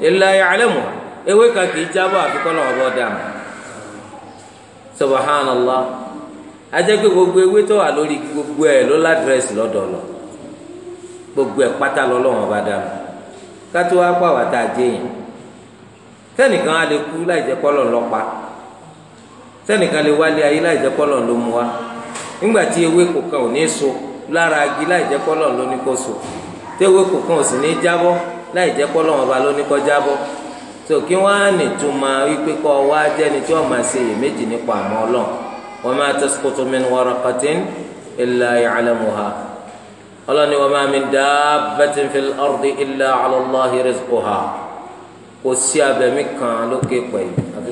illa ya'lamuha ewé kan kì í jábọ̀ àfikọ́ náà ọ̀bọ̀ dà mọ́ subhanallah ajẹ́pẹ́ gbogbo ewé tó wà lórí gbogbo ẹ̀ ló ládírẹ́sì lọ́dọ̀ lọ gbogbo ẹ̀ pátá lọ́lọ́wọ́n bá dà kátó wá pàwọ́ àtàjẹ́yìn tẹ́nìkan á lè kú láì jẹ́ pọ́lọ́ lọ́pàá sẹ́nìkan lè wálé ayé láì jẹ́ kọ́lọ̀ ló mu wá nígbà tí ewé kò kan ò ní so lára agi láì jẹ́ kọ́lọ̀ ló ní kó so tí ewé kò kan ò sì ní jábọ́ láì jẹ́ kọ́lọ̀ wọn ló ní kó jábọ́ tó kí wọ́n á nìtumọ̀ wípé kọ́ wá jẹ́ni tí wọ́n máa ṣe èméjì nípa àmọ́ ọlọ́run wa ma tasqutu min waraqatin illa ya'lamuha ọlọ́ni wa ma min dabbatin fil ardi illa ala Allahi rizquha kò sí abẹ̀mí kan lókè pẹ̀lú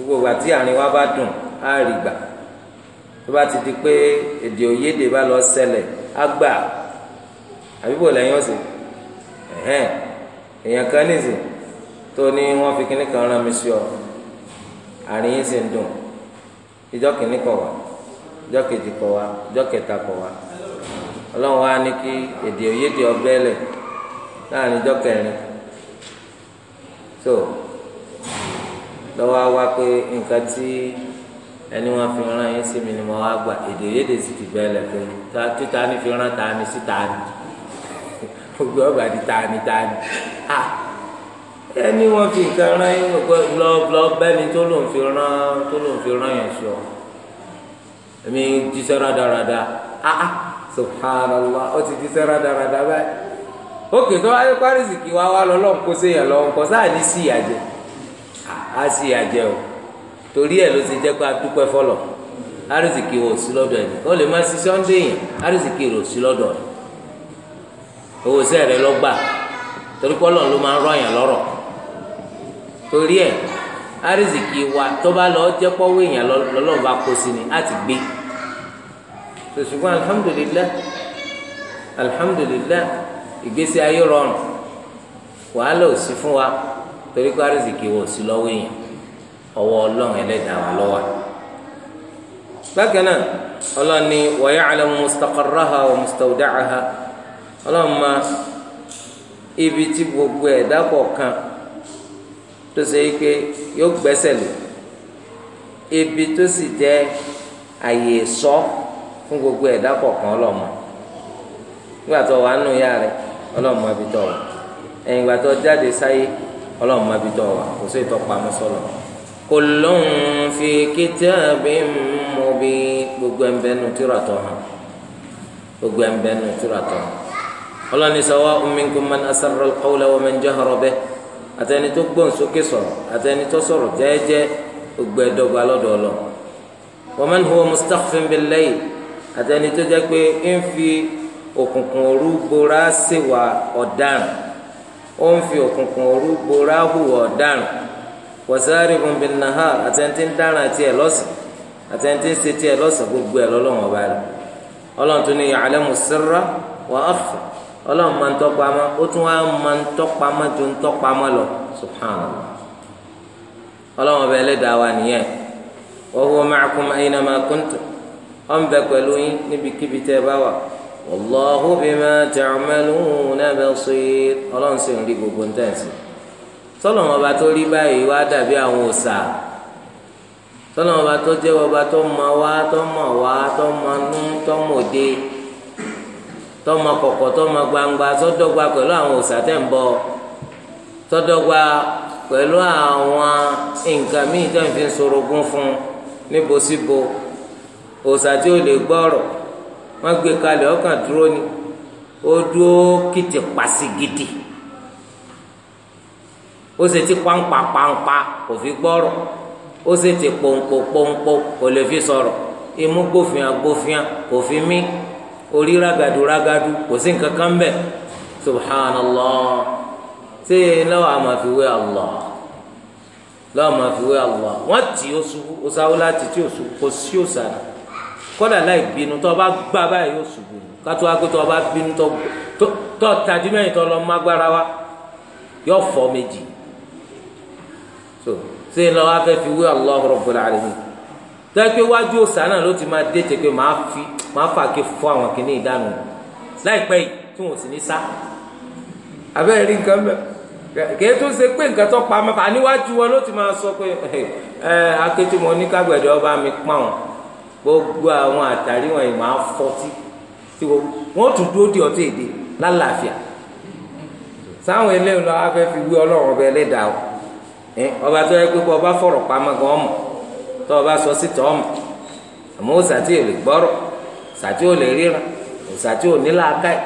gbogbo ìgbà tí àárín wa bá dùn á rí gbà tó bá ti di pé èdè òyédè bá lọ ṣẹlẹ̀ á gbà àbíbò lẹ́yìn ọ̀sẹ̀ ẹ̀hẹ́n èèyàn kan nìsín tó ní wọ́n fi kíní kan rán mi sí ọ àárín yín sì ń dùn ìjọ kìíní kọ̀ wá ìjọ kejì kọ̀ wá ìjọ kẹta kọ̀ wá ọlọ́run wa ní kí èdè òyédè ọbẹ̀ lẹ̀ láàrin ìjọ kẹrin so lọ́wọ́ wá pé nǹkan tí ẹni wọn fi rán yín sí mi ni mo wá gbà èdè yédè sì ti bẹ́ẹ̀ lẹ̀ fún mi títa ní fi rán ta ni sí ta ni gbogbo ọgbà di ta ni ta ni ha ẹni wọn fi nǹkan rán yín lọ lọ bẹ́ni tó lòun fi rán tó lòun fi rán yẹn sọ èmi jíṣẹ́ rádaràda ha subhanallah ó ti jíṣẹ́ rádaràda báyìí ó tó wáyé pàrísì kí wá wá lọ lọ́nkó séyàn lọ́nkó sáà ní sí ìyàjẹ́ á sì àjẹ o torí ẹ̀ ló ti jẹ́ pé a dúpẹ́ fọlọ̀ arísìkì wò sí lọ́dọ̀ ẹ̀ ó lè má sí sunday yẹn arísìkì rò sí lọ́dọ̀ ẹ̀ owó sẹ́ẹ̀rẹ́ lọ́gbà torí pọ́lọ́ ló máa ń rọ̀yàn lọ́rọ̀ torí ẹ̀ arísìkì wa tó bá lọ jẹ́ pọ́wọ́ èèyàn lọ́lọ́run kó sí ni á ti gbé ṣùgbọ́n alihamudulilayi alihamudulilayi ìgbésí ayé rọrùn wàhálà ò sí fún wa. torí pé àrísìkì wò sí lọ́wọ́ èèyàn ọwọ́ ọlọ́run ẹlẹ́dàá wà lọ́wọ́ bákan náà ọlọ́run ni wa ya'lamu mustaqarraha wa mustawda'aha ọlọ́run ma ibi tí gbogbo ẹ̀dá kan tó ṣe é pé yóò gbẹ́sẹ̀ ibi tó sì jẹ́ àyè sọ fún gbogbo ẹ̀dá nígbà tó wà nù ẹ̀yìn tó jáde sáyé ọlọ́run máa bí tọ́ wa kò sí ìtọ́pamọ́ sọ́lọ̀ kullun fi kitabim mubin gbogbo ẹ̀ńbẹ́ nu tíra tọ́ hàn gbogbo ẹ̀ńbẹ́ nu tíra tọ́ hàn ọlọ́run ní sawa'un minkum man asarra al-qawla wa man jahara bih àtẹni tó gbọ́n sókè sọ̀rọ̀ àtẹni tó sọ̀rọ̀ jẹ́ẹ́jẹ́ gbogbo ẹ̀dọ́gba e lọ́dọ̀ ọlọ́ wa man huwa mustakhfin bil àtẹni tó jẹ́ pé ń fi òkùnkùn òru gbora ṣèwà ó ń fi òkùnkùn òru gbora hùwà ọ̀daràn wọ̀sáárì bùnbìn nàhà àtẹ̀ntì ń dáràn tiẹ̀ lọ́sìn àtẹ̀ntì ń ṣe tiẹ̀ lọ́sìn gbogbo ẹ̀ lọ́lọ́wọ́n ọba rẹ̀ ọlọ́run tó ní ya'lamu sirra wa ọlọ́run máa ń ó tún wá máa lọ ọlọ́run ọba ẹlẹ́dàá wa nìyẹn wa huwa ma'akum aynama wallahu bima ta'maluna basir ọlọ́run sì ń rí gbogbo ń tẹ̀sí sọlọ́mọ ọba tó rí báyìí wá dàbí àwọn òòṣà sọlọ́mọ ọba tó jẹ́ ọba tó mọ wá tó mọ wá tó mọ nú tó mọ òde tó mọ kọ̀kọ̀ tó mọ gbangba sọdọ́gba pẹ̀lú àwọn òòṣà tẹ̀ ń bọ sọdọ́gba pẹ̀lú àwọn nǹkan míì tẹ̀ ń fi sorogún fún níbo síbo òòṣà tí ó lè gbọ́rọ̀ wọ́n gbé kalẹ̀ ọkàn dúró ni ó dúró kìtì pàṣẹ gidi ó sì ti pàǹpà pàǹpà kò fi gbọ́rọ̀ ó sì ti pòǹpò pòǹpò kò lè fi sọ̀rọ̀ imú gbófin agbófin kò fi mí orí ragadu ragadu kò sí nǹkan kan bẹ́ẹ̀ subhanallah ṣé lọ́wọ́ àmàfiwé allah lọ́wọ́ àmàfiwé allah wọ́n tì ó ṣubú ó sáwó láti tí ó ṣubú kò sí òṣàlẹ̀. kọ́dà láì bínú tó o bá gbá báyìí yóò ṣubú kátó wá pé tó o bá bínú tó o tajú tó lọ wa yóò fọ́ méjì so ṣé ń lọ wá fẹ́ fi wé Allah Rabbul Alamin tẹ́gbẹ́ wájú òsà náà ló ti máa dé tẹ́ pé màá fi màá fà ké fọ́ àwọn kìnnì ìdánù láìpẹ́ yìí tí wọ́n sì ní sá abẹ́rẹ́ rí nǹkan bẹ́ẹ̀ kìí tún ṣe pé nǹkan tó pa máa níwájú wọn ló ti máa sọ pé ẹ ọba mi pọ́n gbogbo àwọn àtàrí wọn yìí máa fọtí tí wọn tún dúró di ọtí èdè lálàáfíà sáwọn eléyìí lọ afẹ́ fi wí ọlọ́run ọba ẹlẹ́dàá o ọba tó yẹ pé kó ọba fọ̀rọ̀ pamọ́ gan ọmọ tó ọba sọ síta ọmọ àmọ́ òòsà tí ò lè gbọ́rọ̀ òòsà ò lè ríran òòsà tí ò ní làákàyè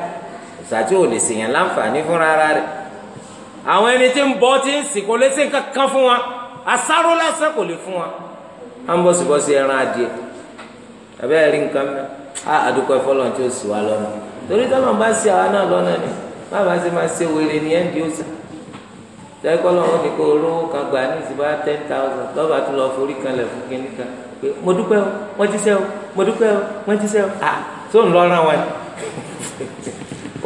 òòsà tí ò lè ṣèyàn láǹfààní fúnra ara rẹ̀ àwọn ẹni tí ń bọ́ tí ń sìn kò lè sìn kankan fún wa àsáró kò lè fún wa à ń bọ̀sibọ̀si ẹran adìẹ abẹ́rẹ́ rí nǹkan mẹ́ a àdúpẹ́ fọlọ́n tí ó sì wá lọ́nà torí tọ́lọ̀ bá sí àwa náà lọ́nà ni má bàa ṣe máa ṣe wèrè ní ẹ́ndì ọ̀sà tẹ́lẹ̀ kọ́ lọ́wọ́ ni kò rówó kan gbà ní ìsìnbá ten thousand lọ́ba tó lọ forí kanlẹ̀ fún kínní kan pé mo dúpẹ́ o wọ́n ti sẹ́ o mo dúpẹ́ o wọ́n ti sẹ́ o à tó ń lọ́ràn wa ni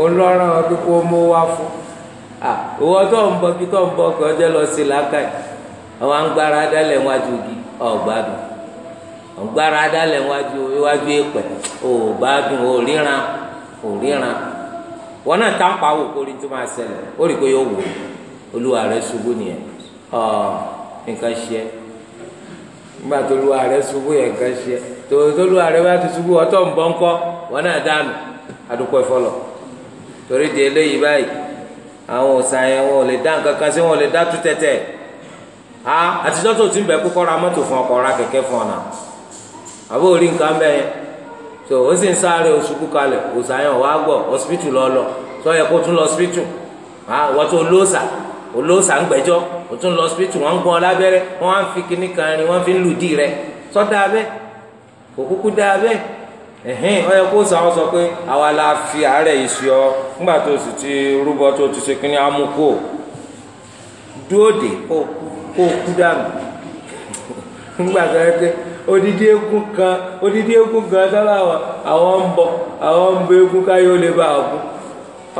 ó ń lọ́ràn wa pípọ́ mọ́ wá fún à òwò tó ń bọ̀ kí ń bọ̀ kí ọjọ́ lọ sí làákàyè àwọn agbára dálẹ̀ wájú ògì ọ̀gbádùn ọ̀gbára adálẹ̀ wájú iwájú èpẹ̀ ò bá dùn wọn náà wò kórí tó máa ṣẹlẹ̀ ó rí i pé yóò wò olúwa rẹ ṣubú nìyẹn ọ nǹkan ṣe nígbà tó olúwa rẹ ṣubú yẹn nǹkan ṣe tó olúwa rẹ bá ti ṣubú ń wọn náà dànù adúpọ̀ ìfọlọ̀ torí di eléyìí báyìí àwọn yẹn wọn ò lè dá nǹkan kan sí wọn ò lè dá tú àtijọ́ tó ti ń bẹ̀ kó kọ́ra mọ́tò fún ọkọ̀ ra kẹ̀kẹ́ ọ àbó orí nǹkan bẹ́ẹ̀ yẹn so ó sì ń sáré oṣù kúkalẹ̀ òsàyàn wàá gbọ́ hospital lọ lọ sọ yẹ kó tún lọ hospital wọ́n tún olóòsà ń gbẹ́jọ́ ó tún lọ hospital wọ́n ń lábẹ́rẹ́ fi kíní kan rin wọ́n fi ń lù sọ dáa bẹ́ẹ̀ kò kúkú dáa bẹ́ẹ̀ ẹ̀hìn yẹ kó sọ àwọn sọ pé àwa la fi àárẹ̀ yìí sí ọ nígbà tó sì ti rúbọ tó ti ṣe kíní kó odidi egwu kan odidi egwu gan sọ́la àwọn egwu ka lè bá a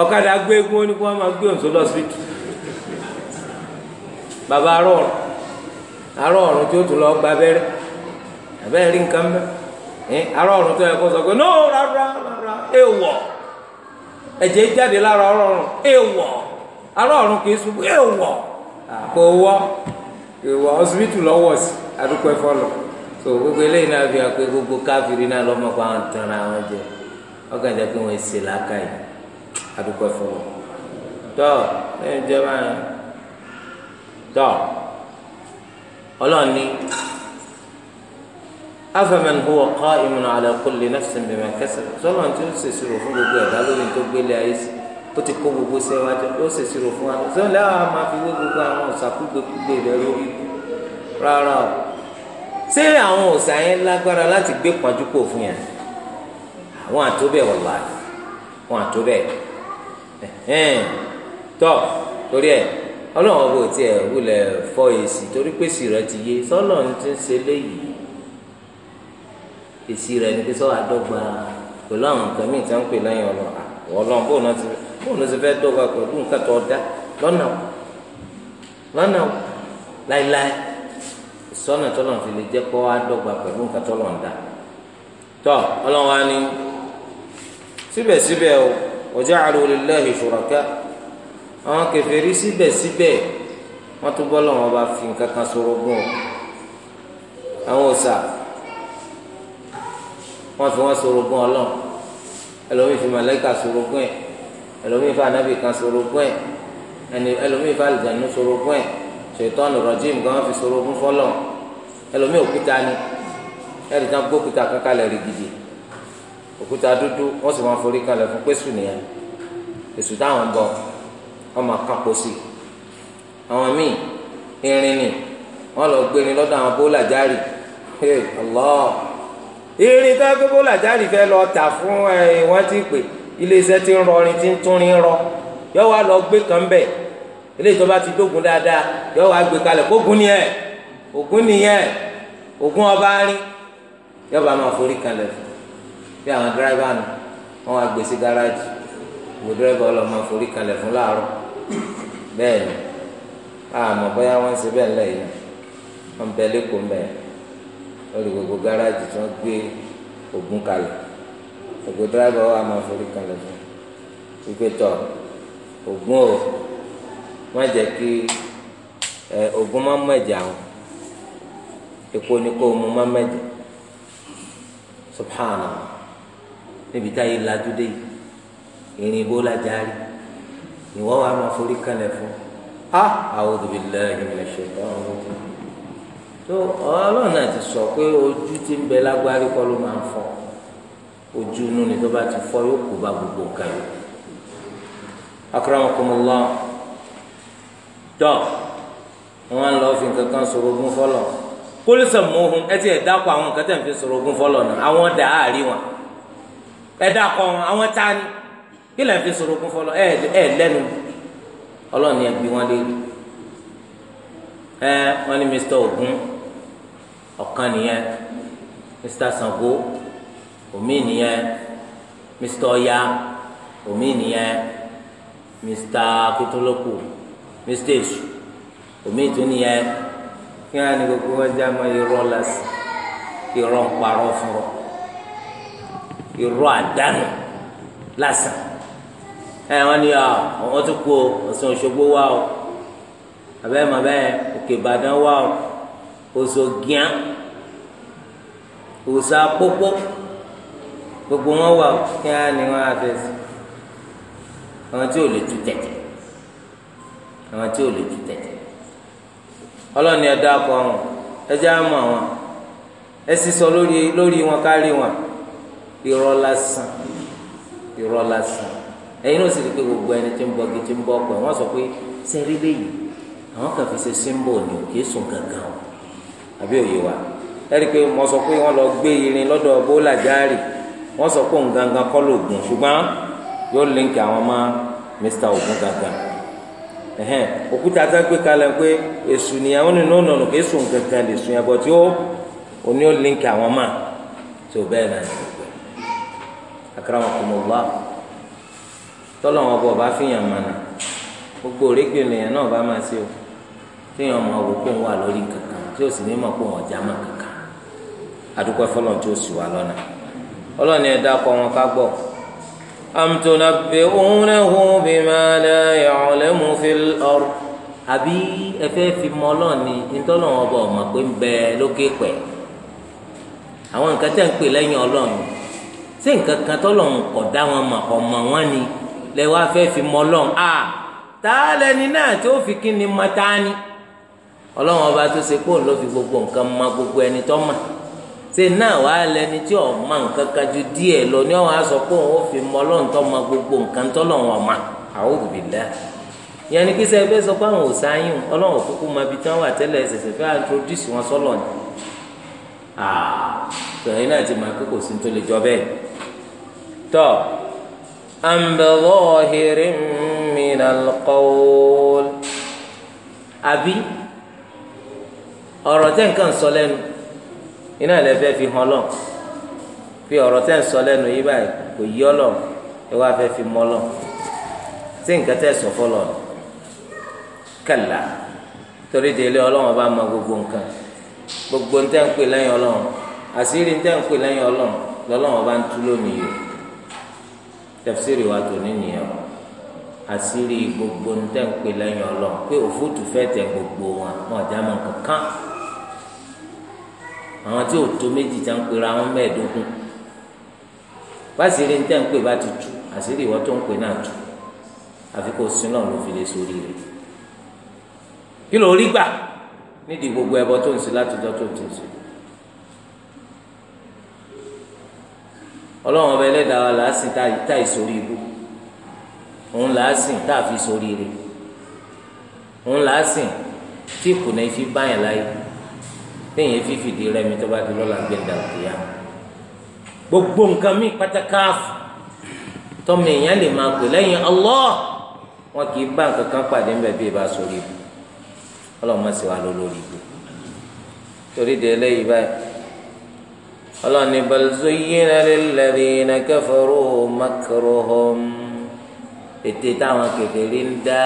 ọkada ọ̀kadà egwu ó ní kí wọ́n máa gbé òǹsó lọ sí tù ọrụ arọ ọ̀rọ̀ arọ ọ̀rọ̀ tí arụ gba abẹ́rẹ́ abẹ́rẹ́ ọzọ nǹkan no rárá rárá ẹ wọ̀ ẹ̀jẹ̀ jáde lára ọrụ ọrụ. so gbogbo eléyìí náà fi hàn pé gbogbo káfíìrì náà lọ́mọkọ àwọn tán àwọn jẹ ọkàn jẹ pé wọn èsì làákà yìí adúgbò fọlọ tọ lẹ́yìn jẹ báyìí tọ Ọlọ́run ní afaman huwa qa'imun ala kulli tí ó gbogbo ẹ̀dá lórí tó gbélé ayé sí ó ti kó gbogbo ó gbogbo àwọn rẹ ṣé àwọn òòsà yẹn lágbára láti gbé pọ́njú pò fún yẹn àwọn àtúbẹ̀ wọ̀lá àwọn àtúbẹ̀ tọ́ torí ẹ̀ ọlọ́run ọgbọ tí ẹ wulẹ̀ fọ èsì torí pé èsì rẹ ti yé sọlọ ń ti ń ṣe léyìí èsì rẹ ni pé sọ àdọ́gba pẹ̀lú àwọn nǹkan míì tí wọ́n ń pè lẹ́yìn ọlọ ọlọ́run bóun ah, náà ti bóun náà ti fẹ́ dọ́gba pẹ̀lú nǹkan tó dá lọ́nà lọ́nà láéláé sọ́nà tọ́lọ̀ fi lè jẹ́ kó wá dọ́gba pẹ̀lú nǹkan tọ́lọ̀ ń dà tọ́ ọlọ́wà ni síbẹ̀síbẹ̀ o waja'alu lillahi shuraka àwọn kèfèrí síbẹ̀síbẹ̀ wọ́n tún bọ́ lọ́wọ́ bá fi nǹkan kan sọ̀rọ̀ gùn ọ́ àwọn òòsà wọ́n fi wọ́n sọ̀rọ̀ gùn ọlọ́run ẹlòmíì fi màlẹ́kà sọ̀rọ̀ gùn ẹ̀ ẹlòmíì fi anábì kan sọ̀rọ̀ gùn ẹ̀ ẹlòmíì fi àlùjánu sọ̀rọ̀ gùn ẹ̀ ṣètọ́nù rọ́jìm gan fi sọ̀rọ̀ fún fọ́lọ́ ẹlòmíì òkúta ni ẹ̀rì tán gbókúta kankalẹ̀ rí gidi òkúta dúdú wọ́n sì máa forí kalẹ̀ fún pésù nìyẹn èsù táwọn ń bọ̀ wọ́n máa kápò sí i àwọn míì irin ni wọ́n lọ gbé ni lọ́dọ̀ àwọn bólà járì hey Allah irin tó gbé bólà járì fẹ́ lọ tà fún ẹ̀ eh, wọ́n ti pè iléeṣẹ́ ti ń rọrin ti ń túnrin rọ yọ wá lọ gbé kan bẹ́ẹ̀ eléyìí tó bá ti dógun dáadáa yọ wá gbé kalẹ̀ kó gun nìyẹn ògún nìyẹn ògún ọba rin yọ bá máa forí kalẹ̀ bí àwọn dírẹ́bà nù wọ́n wá gbé sí gáràjì wò dírẹ́bà ọlọ́mọ forí kalẹ̀ fún láàárọ̀ bẹ́ẹ̀ ni àmọ́ bóyá wọ́n ń ṣe bẹ́ẹ̀ lẹ́yìn wọ́n bẹ lẹ́kọ̀ọ́ mẹ́ẹ̀ lórí gbogbo gáràjì tí wọ́n gbé ògún kalẹ̀ ògún dírẹ́bà wà máa forí kalẹ̀ fún wípé tọ̀ ògún o. má jẹ́ kí ẹ ogun má mẹjẹ àwọn epo ni kó mu má mẹjẹ subhana níbi táyé lajú dé ìrìn ìbò ìwọ wa máa forí kalẹ̀ fún a a'udhu billahi tó náà ti sọ pé ojú ti ń bẹ lágbárí kọ́ ló máa ń fọ́ ojú ti fọ yóò bá gbogbo yìí tọ́ wọn lọ fi nǹkan kan sọ̀rọ̀ ogun fọlọ́ kólísà mọ́hún ẹ ti ẹ̀ dákọ̀ àwọn nǹkan tẹ̀ ń fi sọ̀rọ̀ ogun fọlọ́ náà àwọn dà á rí wọn ẹ dákọ̀ àwọn ta kí lẹ́ fi sọ̀rọ̀ ogun fọlọ́ lẹ́nu ọlọ́ọ̀ni ẹ bí wọn lé ẹ wọn ní Mr Ogun ọ̀kan nìyẹn Mr Sango omi nìyẹn Mr Ọya omi nìyẹn Mr akitoloku mistake omi ìtún nìyẹn kí wọn ní gbogbo wọn jẹ àmọ́ irọ́ lásì irọ́ ń parọ́ fún ọ irọ́ àdánù lásán ẹ wọn ní ọ wọn tún kú Ọ̀ṣun Òṣogbo wá o abẹ màbẹ Òkè Ìbàdàn wá o Òṣogìá òòsà pópó gbogbo wọn wà kí wọn ní wọn àfẹsẹ àwọn tí ò lè tu tẹtẹ. àwọn tí ò lè ju tẹ̀tẹ̀ ọlọ́ni ẹ dákọ̀ wọn ẹ àmọ́ wọn ẹ sísọ lórí wọn kárí wọn irọ́ lásán irọ́ lásán ẹ̀yin náà sì rí pé gbogbo ẹni tí ń bọ́ gidi ń bọ́ pẹ̀ wọ́n sọ pé sẹ́rí léyìí àwọn kan fi ṣe símbò ní òkè sùn o àbí òye wa ẹ rí pé sọ pé wọ́n lọ gbé irin lọ́dọ̀ bólà wọ́n sọ pé Mr. Ogun ẹhẹn òkúta tá a gbé kalẹ̀ pé èsù nìyẹn àwọn nínú ọ̀nà kò èsù nǹkankan lè sùn yẹn bọ̀ tí ó oní ó líǹkì àwọn máa tó bẹ́ẹ̀ náà ní gbogbo akramakumullah tọ́lọ̀ wọn bọ̀ bá fìyàn mọ̀nà gbogbo òrégbè náà máa o fìyàn mọ̀ wò pé òun wà lórí kankan tí ó sì ní mọ̀ pé mọ̀ kankan adúpẹ́ fọlọ́n sì أم تنبئونه بما لا يعلم في الأرض àbí ẹfẹ fi mọ Ọlọ́run ni ntọ́nà ọba ọmọ pé ń bẹ lókè pẹ̀ àwọn nǹkan tẹ̀ ń pè lẹ́yìn Ọlọ́run ṣé nǹkan kan tọ́lọ́run kọ̀ dá wọn mọ̀ ọmọ wọn ni lẹ wá fẹ́ fi mọ Ọlọ́run tá a lẹni náà tí ó fi kí ni mọ ni Ọlọ́run ọba tó ṣe pé òun ló fi gbogbo nǹkan mọ gbogbo ẹni tó mọ̀ ṣe náà wà á lẹni tí ọ̀ma nǹkan kan ju díẹ̀ lọ ni wọ́n á sọ pé òun ó fi mọ ọlọ́run tó mọ gbogbo nǹkan tó lọ́wọ́ ọ̀ma a'udhu billah ìyẹn ni kí sẹ́ fẹ́ sọ pé àwọn òòsàn ayé wọn ọlọ́run kúkú mọ ibi tí wọ́n wà tẹ́lẹ̀ ṣẹ̀ṣẹ̀ fẹ́ introduce wọn sọ́lọ̀ ni tòun ah, náà ti máa kókò sí tó lè jọ bẹ́ẹ̀ tọ́ àmbẹ̀lọ́hìrì minal qawl àbí ọ̀rọ̀ tẹ́ nǹkan sọ lẹ́nu iná ẹ̀ lẹ́fẹ́ fi hàn lọ fi ọ̀rọ̀ tẹ́ ń sọ lẹ́nu yí báyìí kò yí ọ lọ ẹ wá fẹ́ fi mọ́ lọ tí nǹkan tẹ́ sọ fọlọ kàlà torí délé ọlọ́wọ́n bá mọ gbogbo nǹkan gbogbo nǹkan ń pè lẹ́yìn ọlọ́wọ́n àṣírí nǹkan ń pè lẹ́yìn ọlọ́wọ́n lọ́lọ́wọ́n bá ń tú lónìí yìí tẹ̀síìrì wa tò ní nìyẹn àṣírí gbogbo nǹkan ń pè lẹ́yìn ọlọ́wọ́n pé òfútù fẹ́ tẹ gbogbo wọn wọn ò já mọ́ kankan àwọn tí ò tó méjì tá ń pera wọn mẹ́ẹ̀ẹ́dógún báṣìírí níta ń pè bá ti tú àṣírí ìwọ tó ń pè náà tú àfi kó sin náà ló fi lè sórí rẹ kí ló rí gbà nídìí gbogbo ẹbọ tó ń sin látijọ́ tó ti ń sin. ọlọ́run ọba ẹlẹ́dàá wa làá sìn táì sórí ibú òun làá sìn táà fi sórí rẹ òun làá sìn tí kùnà ìfi báyàn láyé téèyàn fífìdí rẹmi tó bá di lọ́la gbẹ̀dà òkèèyà gbogbo nǹkan mi pátákáàfù tọ́mọ èèyàn lè máa pè lẹ́yìn Allah wọn kì í bá nǹkan kan pàdé ńbẹ bí ìbá sórí ibu ọlọ́mọ sì wà lólórí ibu torí de eléyìí báyìí ọlọ́ni bal zuyyina lilladhina kafaru makruhum ètè táwọn kékeré ń dá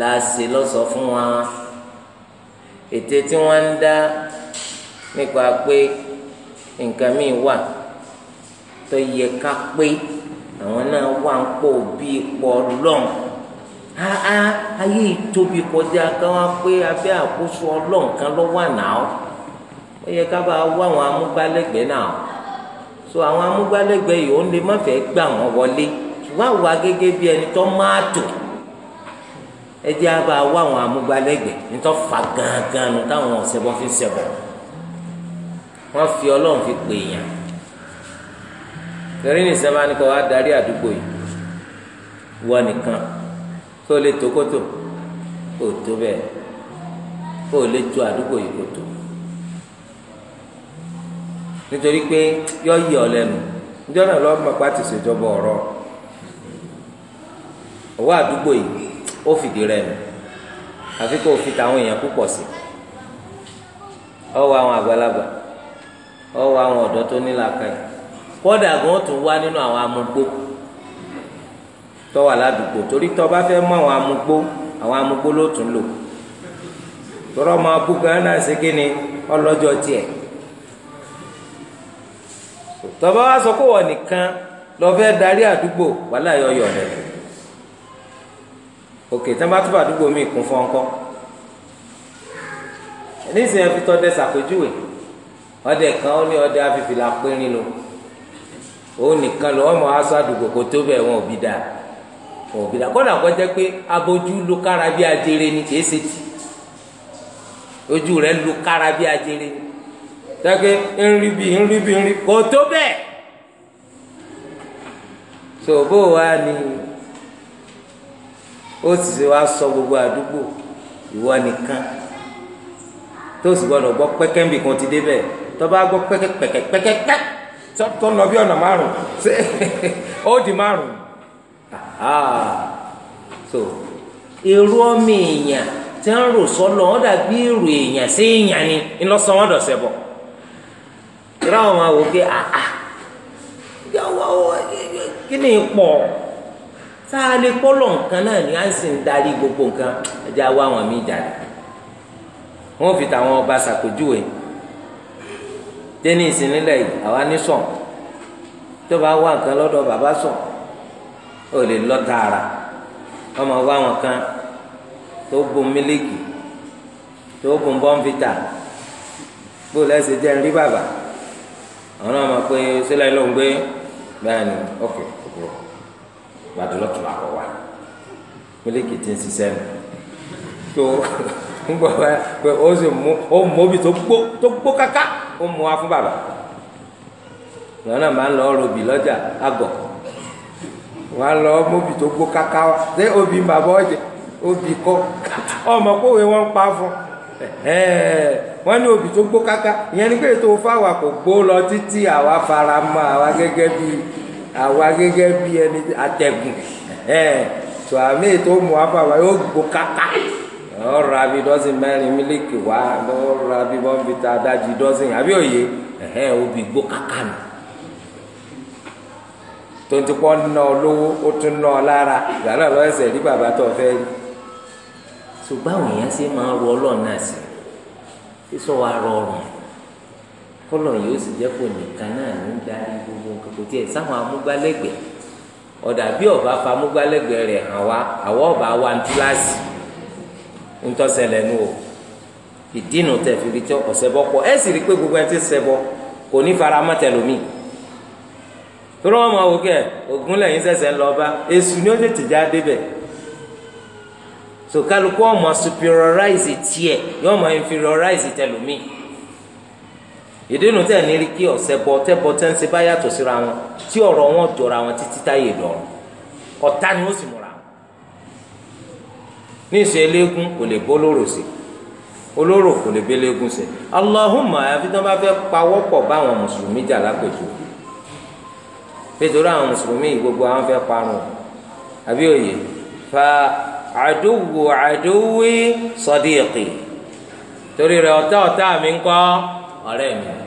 láàṣì lọ́sọ̀ fún wa ète tí wọ́n ń dá nípa pé nǹkan míì wà tó yẹ ká pé àwọn náà wà ń pò bí ipò ọlọ́run áá ayé ìtóbi kọjá ká wá pé abẹ́ àkóso ọlọ́run kan ló wà náà ó yẹ ká bá wá àwọn amúgbálẹ́gbẹ̀ẹ́ náà so àwọn amúgbálẹ́gbẹ̀ẹ́ yìí ó lè má fẹ́ gbà wọ́n wọlé ṣùgbọ́n àwa gẹ́gẹ́ bí ẹni tó máa tò. eji aba wá àwọn amúgbálẹ́gbẹ̀ nítorí fa gángan nu táwọn fi ṣẹbọ wọ́n fi ọlọ́run fi pè yàn torí ní wá darí àdúgbò yìí wọ nìkan tó lè tó kótó kò tó bẹ́ẹ̀ kò lè tó àdúgbò yìí nítorí pé yọ yí ọ lẹ́nu ó fìdí rẹ̀ nù àfi kó o fi tàwọn èèyàn púpọ̀ sí ọwọ́ àwọn àgbàlagbà ọwọ́ àwọn ọ̀dọ́ tó ní làákàyè kódà gan tún wá nínú àwọn amúgbó tó ládùúgbò torí tó fẹ́ mọ àwọn amúgbó àwọn amúgbó ló tún lò tọrọ ma bú gan náà ṣe kí ni ọlọ́jọ́ tiẹ̀ sọ pé wọ́n nìkan darí àdúgbò wàhálà yọ̀ọ̀yọ̀ ok tí wọ́n bá túbọ̀ àdúgbò mi kún fún ọkọ nísìnyẹn fi tọ́ dẹ sàpèjúwe ọdẹ kan ó ní ọdẹ afífìlà pínrín lò ó nìkan lọ ọmọ aṣọ àdúgbò kò tó bẹ̀ wọn òbí dáa wọn òbí dáa kọ́nà kọ́ jẹ́ pé abojú ló kára bí ajere ni kìí ṣe tì ojú rẹ̀ ló kára bí ajere ni tẹ́kẹ́ ńrí bí ńrí bí ńrí kò tó bẹ́ẹ̀ so bó wa ni. ó sì wá sọ gbogbo àdúgbò ìwọ nìkan tó sì gbọ́dọ̀ gbọ́ pẹ́kẹ́mbì kan ti débẹ̀ tó bá pẹkẹ pẹ́kẹ́pẹ́kẹ́pẹ́ tó ń lọ bí ọ̀nà márùn si ó di márùn so èrò ọmọ èèyàn tí ń rò sọ́nà ó dàbí èrò èèyàn sí èèyàn ni ńlọ́sàn wọn dọ̀sẹ̀ bọ̀ ìrọ̀ àwọn àwòké àà kí ni pọ̀ tá a lè kọ́lọ̀ nǹkan náà ní à ń sì ń darí gbogbo nǹkan ẹja wá wọn mí jáde wọn fi tàwọn ọba ṣàpèjúwe dénì ìsìn nílẹ̀ yìí àwa ní sàn tó bá wá nǹkan lọ́dọ̀ bàbá sàn ó lè lọ tààrà ọmọ wá wọn kan tó bùn mílíkì tó bùn bọ́ǹfìtà bó lẹ́sẹ̀ jẹ́ ń rí bàbá àwọn náà mọ̀ pé sílẹ̀ ló ń gbé bẹ́ẹ̀ ni gbadolọtun akọ wa mílíkì tí ń ṣiṣẹ́ nù tó ń gbọ́ pé ó sì mú ó móbi tó gbó tó gbó káká ó mú wa fún bàbá máa ń lọ rọbì lọ́jà àgọ̀ wọn á lọ móbi tó gbó kaka wa ṣé bàbá kọ ọmọ wọn pa fún wọ́n ní obì tó gbó kaka ìyẹn ní pé ètò fáwa kò títí àwa fara mọ́ àwa gẹ́gẹ́ àwa gẹ́gẹ́ bí ẹni atẹ̀gùn tó àmì tó mú wa yóò gbó kápá ọ̀rọ̀ àbí dọ́sìn mẹ́rin mílíkì wá ọ̀rọ̀ àbí bọ́ǹfìtà adájú dọ́sìn àbí òye obì gbó kápá nù tonti kpɔ nɔ lówó ó tún nɔ lára gbàdá bàbá tó fẹ́ rí ṣùgbọ́n àwọn èèyàn ṣe máa náà sí kọ́lọ̀ yóò sì jẹ́ kó nìkan náà ń darí gbogbo kòkò tiẹ̀ sáwọn ọ̀dà bí ọba fa amúgbálẹ́gbẹ̀ẹ́ rẹ̀ hàn wá ọba wa ń túláàsì nù o fi tí ọ̀sẹ̀ bọ́ gbogbo ẹ ti sẹ̀ fara wọn máa wò kẹ́ lẹ́yìn ń lọ bá èsù ni ó débẹ̀ kálukú ọmọ ìdínú tẹ̀ ní rí kí ọ̀sẹ̀ bọ tẹ́bọ tẹ́ ń ṣe bá yàtọ̀ síra wọn tí ọ̀rọ̀ wọn jọra wọn títí táyé dọ̀rọ̀ ọ̀tá ni ó sì múra wọn. ní ìṣe eléégún kò lè bó lóró sí olóró kò lè bó eléégún sí Allahumma àyàfi tí wọn bá fẹ́ pawọ́ pọ̀ bá àwọn mùsùlùmí jà lápẹ̀jù nítorí àwọn mùsùlùmí gbogbo àwọn fẹ́ parun àbí òye fa àdúwò àdúwì sadiqi torí rẹ̀ ọ̀tá ọ̀tá mi ń kọ́ ọ̀rẹ́ mi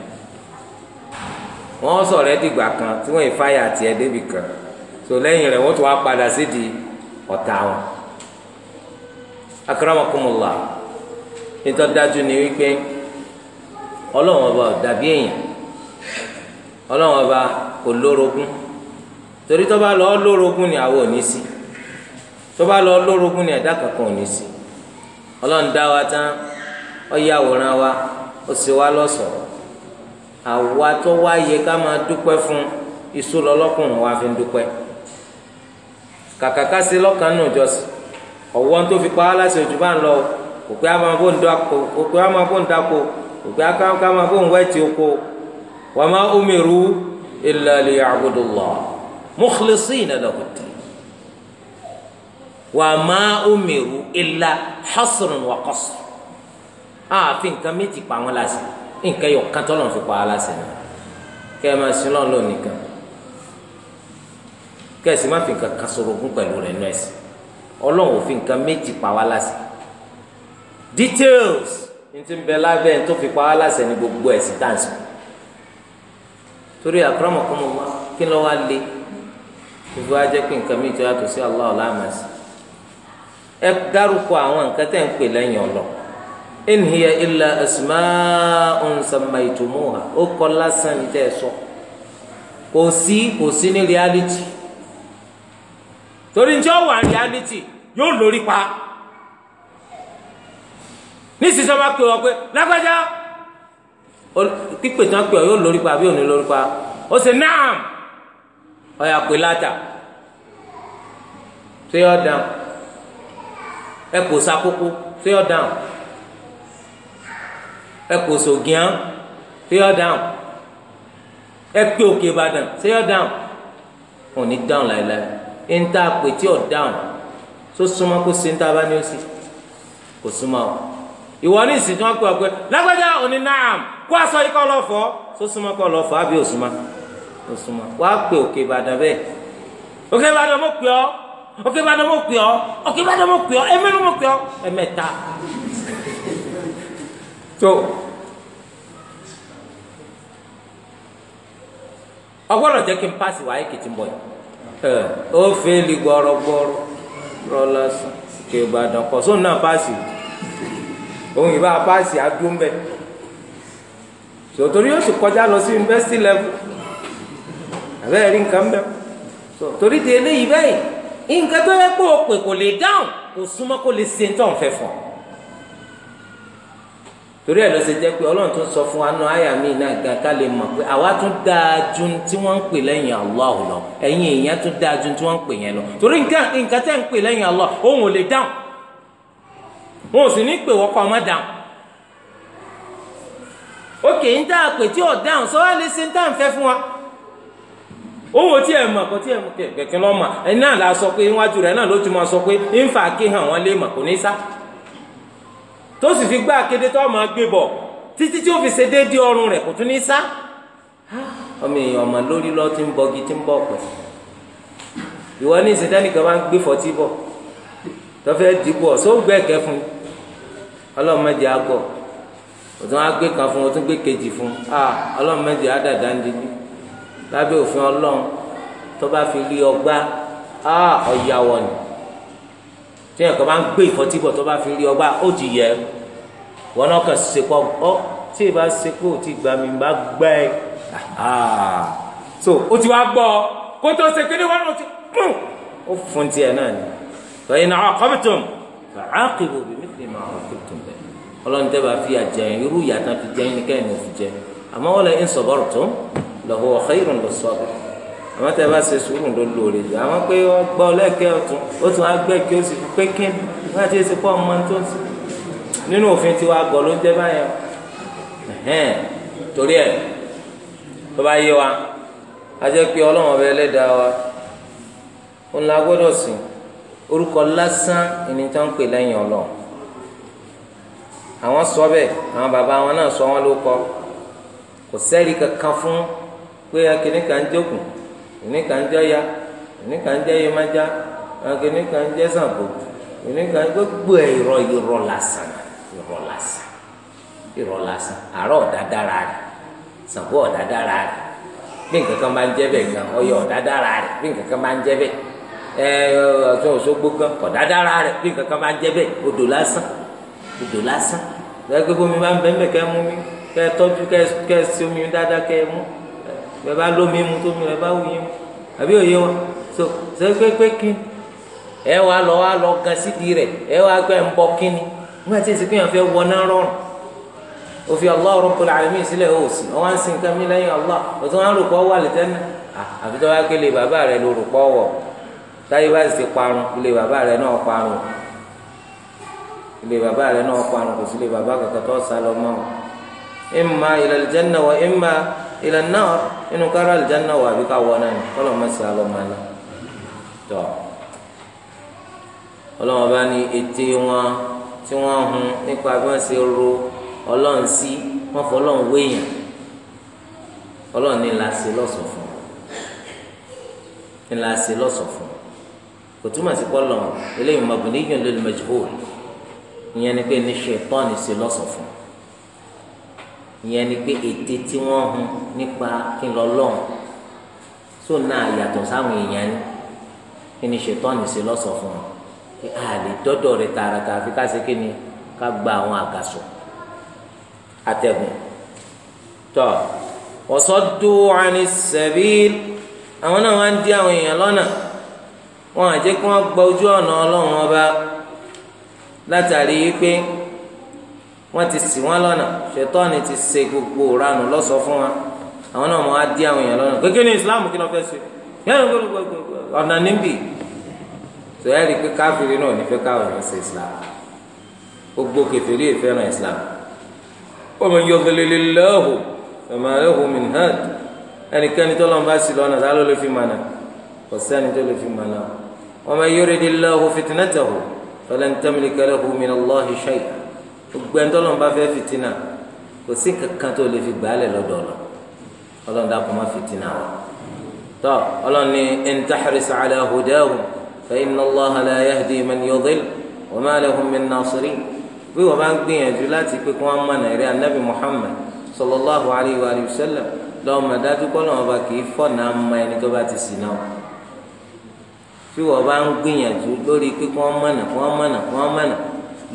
wọ́n sọ̀rọ̀ ẹ́ dìgbà kan tí wọ́n ìfáyà tiẹ̀ débi kan so lẹ́yìn rẹ̀ wọ́n tún wá padà sí di ọ̀tá wọn. akramakumullah nítorí dájú ni wípé ọlọ́run ọba dàbí èèyàn ọlọ́run ọba kò lórogún torí tó bá lọ lórogún ni àwọn ò ní sí tó bá lọ lórogún ni ẹ̀dá kankan ò ní sí ọlọ́run dá wa tán ó yàwòrán wa ó sì wá lọ́sọ̀ọ́ àwa tó wá yẹ ká máa dúpẹ́ fún iṣu lọ́lọ́kùnrin wa fi ń dúpẹ́ kàkàkà sí lọ́kàn nù jọ́sìn ọ̀wọ́n tó fi pa á láti ojú bá ń lọ kò pé a máa ń dako kò pé a máa ń dako kò pé a máa ń wẹ́ ti oko wa ma umiru illa liya'budullah mukhlisina lahu wa ma umiru illa hasrun wa qasr nǹkan méjì pa wọn lásìkò nǹkan yọ kán tọ́lọ̀ fi pa á lásẹ̀ ni kẹ́ ẹ máa sin lọ́n lọ nìkan kẹ́ ẹ sì má fi nǹkan kan sorogún pẹ̀lú rẹ̀ nù ọlọ́run ò fi nǹkan méjì pa wá lásẹ̀ details ní ti ń bẹ lábẹ́ ẹ̀ tó fi pa wá lásẹ̀ ni gbogbo ẹ̀sìn dáǹsì torí akramakumullah kí ló wá lé fífi wá jẹ́ pé nǹkan méjì yàtọ̀ sí Allah ọ̀la àmàsì ẹ dárúkọ àwọn nǹkan tẹ̀ ń pè lẹ́yìn ọlọ́run in hiya illa asma'un sammaytumuha ó kọ lásán ní tẹ́ ẹ kò sí kò sí ní reality torí njẹ́ ọ̀wà reality yóò lórí pa nísinsìnyí wọ́n bá pè ọ́ pé lágbájá pípè tí wọ́n pè ọ́ yóò lórí pa àbí òní lórí pa ó sì náà ọ̀yà pè látà ṣé yọ̀ dáhùn ẹ kò sakókó ṣé yọ̀ dáhùn ẹ kò sògìán ṣé yọ dáhùn ẹ pé òkè ìbàdàn ṣé yọ dáhùn òní dáhùn láìláì ẹ ń tá a pè tí ò dáhùn tó súnmọ́ kó ṣe ń tá a bá ní ó sì kò súnmọ́ o ìwọ ní ìsìn tí wọ́n pè ọ̀pẹ lágbájá òní náàm kó aṣọ ikọ̀ lọ́fọ̀ọ́ tó súnmọ́ kó lọ́fọ̀ọ́ àbí òsúnmọ́ òsúnmọ́ wàá pè òkè ìbàdàn bẹ́ẹ̀ òkè ìbàdàn mo pè ọ́ òkè ìbàdàn mo pè ọ́ òkè ìbàdàn mo pè ọ́ ẹ̀mẹ́rin mo pè ọ́ ẹ̀mẹ́ta. so ọgbọ́dọ̀ jẹ́ kí n paasi wáyé kìtì bọ̀ ẹ̀ ó fẹ́ẹ́lì gbọ́rọ́gbọ́rọ́ rọ́lá sùn kí Ìbàdàn kọ́ sóun náà paasi òun ìbá paasi adúm bẹ́ẹ̀ sòtòrí yóò sì kọjá lọ sí level àbẹ́rẹ́ rí nǹkan bẹ́ẹ̀ torí di eléyìí bẹ́ẹ̀ nǹkan tó yẹ kó o pè kò lè dáhùn kò súnmọ́ kó lè ṣe ń tọ̀ fẹ́ fún ọ. torí ẹ lọ ṣe jẹ́ pé Ọlọ́run tún sọ fún wa náà àyà náà gan ká lè pé àwa tún dáa ju tí wọ́n ń pè lẹ́yìn Allah lọ ẹ̀yin èèyàn tún dáa ju tí wọ́n ń pè yẹn lọ torí nǹkan tẹ́ ń pè lẹ́yìn Allah òun ò lè dáhùn òun ò sì ní pè wọ́pọ̀ ọmọ dáhùn òkè ń dá àpè tí ò dáhùn sọ wá lè ṣe ń dáhùn fẹ́ fún wa tó sì fi gbá akéde tó máa gbé bọ̀ títí tí ó fi ṣe déédéé ọrùn rẹ̀ kò tún ní sá ọmọ èèyàn ọmọ lórí lọ ti ń bọgi ti ń bọ pẹ ìwọ ní ìsìndánìkan máa ń gbé fọtí bọ tọfẹ dìbò sóògbé ẹkẹ fún ọlọmọdé àgọ òtún á gbé kan fún òtún gbé kejì fún a ọlọmọdé àdàdà ń dijú lábẹ́ òfin Ọlọ́run tó bá fi rí ọgbà a ọyàwọ ni tí ẹ̀kọ́ máa ń gbé ìfọtí bọ tó bá fi rí ọgbà ó ti yẹ ẹ́ wọn náà kàn ṣe kọ ọ tí ì bá ṣe kó o ti gbà mí bá gbà ẹ so o ti wá gbọ́ kó tó ṣe kéde wọn náà ti kún ó fún tiẹ̀ náà ni fẹ̀yìn náà aqabtum fa'aqibu bimithli ma aqabtum bẹ́ẹ̀ ọlọ́run tẹ́ bá fi àjẹyìn irú ìyàtọ̀ fi jẹ́ ní kẹ́hìn òfin jẹ́ àmọ́ wọ́n lẹ in sabartum lahuwa khayrun lis-sabir àmọ́ tẹ́ bá ṣe sùúrù ló lóore jù àmọ́ pé wọ́n gbọ́ lẹ́kẹ́ ọ̀tún ó tún á gbẹ́ kí ó sì fi pé kí wọ́n ti ṣe fọ́ ọmọ tó ń sìn nínú òfin tiwa gọ̀ ló ń jẹ́ báyẹn torí ẹ̀ tó bá yé wa a jẹ́ pé ọlọ́run ọbẹ ẹlẹ́dàá wa òun la gbọdọ sìn orúkọ lásán ẹni tó ń pè lẹ́yìn ọlọ́run àwọn sọ bẹ́ẹ̀ àwọn bàbá wọn náà sọ wọn ló kọ kò sẹ́ẹ̀lì kankan fún pé akínníkan jókòó ìníkan jọ́ya ìníkan jẹ́ yemájá akínníkan jẹ́ sàbò ìníkan gbogbo ẹ̀rọ lásán lásán irọ́ lásán àárọ̀ ọ̀dá dára rẹ̀ Ṣàngó ọ̀dá dára rẹ̀ bí nǹkan kan bá ń jẹ́ bẹ́ẹ̀ gan Ọya ọ̀dá dára rẹ̀ bí nǹkan kan bá ń jẹ́ bẹ́ẹ̀ ẹ Ọ̀ṣun Òṣogbo gan ọ̀dá rẹ̀ bí nǹkan kan bá ń jẹ́ bẹ́ẹ̀ odò lásán odò lásán lẹ́gbẹ́ bómi bá ń bẹ́ẹ̀ mẹ́kẹ́ mú mi kẹ́ ẹ tọ́jú kẹ́ ẹ sí omi dáadáa kẹ́ ẹ mú ẹ bá lómi mu tómi ẹ bá wúyin mu àbí òye wọn so ṣe pé pé kí ẹ wá lọ wá lọ gan sídìí rẹ̀ ẹ wá gbẹ́ ń bọ kíni nígbà tí èsì pé yàn fẹ́ wọná rọrùn òfin allah rabbul alamin sílẹ̀ ó sì ọwọ́ ń sin nǹkan mi lẹ́yìn allah òtún wọn rògbọ́ wà lẹ́tẹ́nà àfi tó bá ké lè bàbá rẹ ló rògbọ́ wọ̀ táyé bá sì ti parun lè bàbá rẹ náà parun lè bàbá rẹ náà parun kò sí lè bàbá kankan tó sá lọ mọ́ imma ila aljanna wa imma ila an-nar inú kára aljanna wa àbí ká wọ́n náà kọ́lọ́ mọ́ sí alọ́ mọ́ alá tọ́ ọlọ́wọ́n bá ní wọn tí wọ́n hun nípa bí wọ́n ṣe ro ọlọ́run sí wọ́n fọ ọlọ́run wéèyàn ọlọ́run ní la ṣe lọ́sọ̀ fún ní la ṣe lọ́sọ̀ fún kò túmọ̀ sí pọ́lọ̀ eléyìí mọ̀gbìn níyàn lórí majhul ìyẹn ni pé ní ṣètọ́ni ṣe lọ́sọ̀ fún ìyẹn ni pé ète tí wọ́n hun nípa kí n lọ lọ́run tó náà yàtọ̀ sáwọn èèyàn ni kí ni ṣètọ́ni ṣe lọ́sọ̀ fún wọn pé a lè dọ́dọ̀ rẹ̀ tààràtà àfi ká ṣe kíni ká gba àwọn àgàsọ̀ àtẹ̀gùn tọ́ ọ̀sọ́dù àní sẹ̀bíl àwọn náà wá ń di àwọn èèyàn lọ́nà wọn àjẹ́ kí wọ́n gba ojú ọ̀nà ọlọ́run ọba látàrí pé wọ́n ti ṣì wọ́n lọ́nà ṣètọ́ni ti ṣe gbogbo ranù lọ́sọ̀ọ́ fún wa àwọn náà wọ́n á di àwọn èèyàn lọ́nà pé kí ni Islam kí ló fẹ́ ṣe yẹ́n ọ̀nà níbí tó ẹ rí i pé káfíìrì náà nífẹ̀ẹ́ káwọn èèyàn ṣe islam gbogbo kẹfìrí ìfẹ́ràn islam wa man yudlilillahu fama lahu min had ẹnikẹ́ni tó lọ́n bá sí lọ́nà tá ló lè fi mànà kò sẹ́ni tó lè fi mànà wa man yuridillahu fitnatahu falan tamlika lahu minallahi shay'a gbogbo ẹni tó lọ́n bá fẹ́ fìtínà kò sí kankan tó lè fi gbàálẹ̀ lọ́dọ̀ ọ̀la ọlọ́run dàkú má fìtínà wa tọ́ ọlọ́run ní in tahris ala فإن الله لا يهدي من يضل وما لهم من ناصرين bí wọn bá ń gbìyànjú láti pé kí wọn mọ nàìjíríà nabi muhammed sallallahu alayhi wa sallam lọ́wọ́ mà dájú kọ́ lọ́wọ́ bá kì í fọ̀nà mọ ẹni tó bá ti sì náà bí wọn bá ń gbìyànjú lórí pé kí wọn mọ̀nà kí wọn mọ̀nà kí wọn mọ̀nà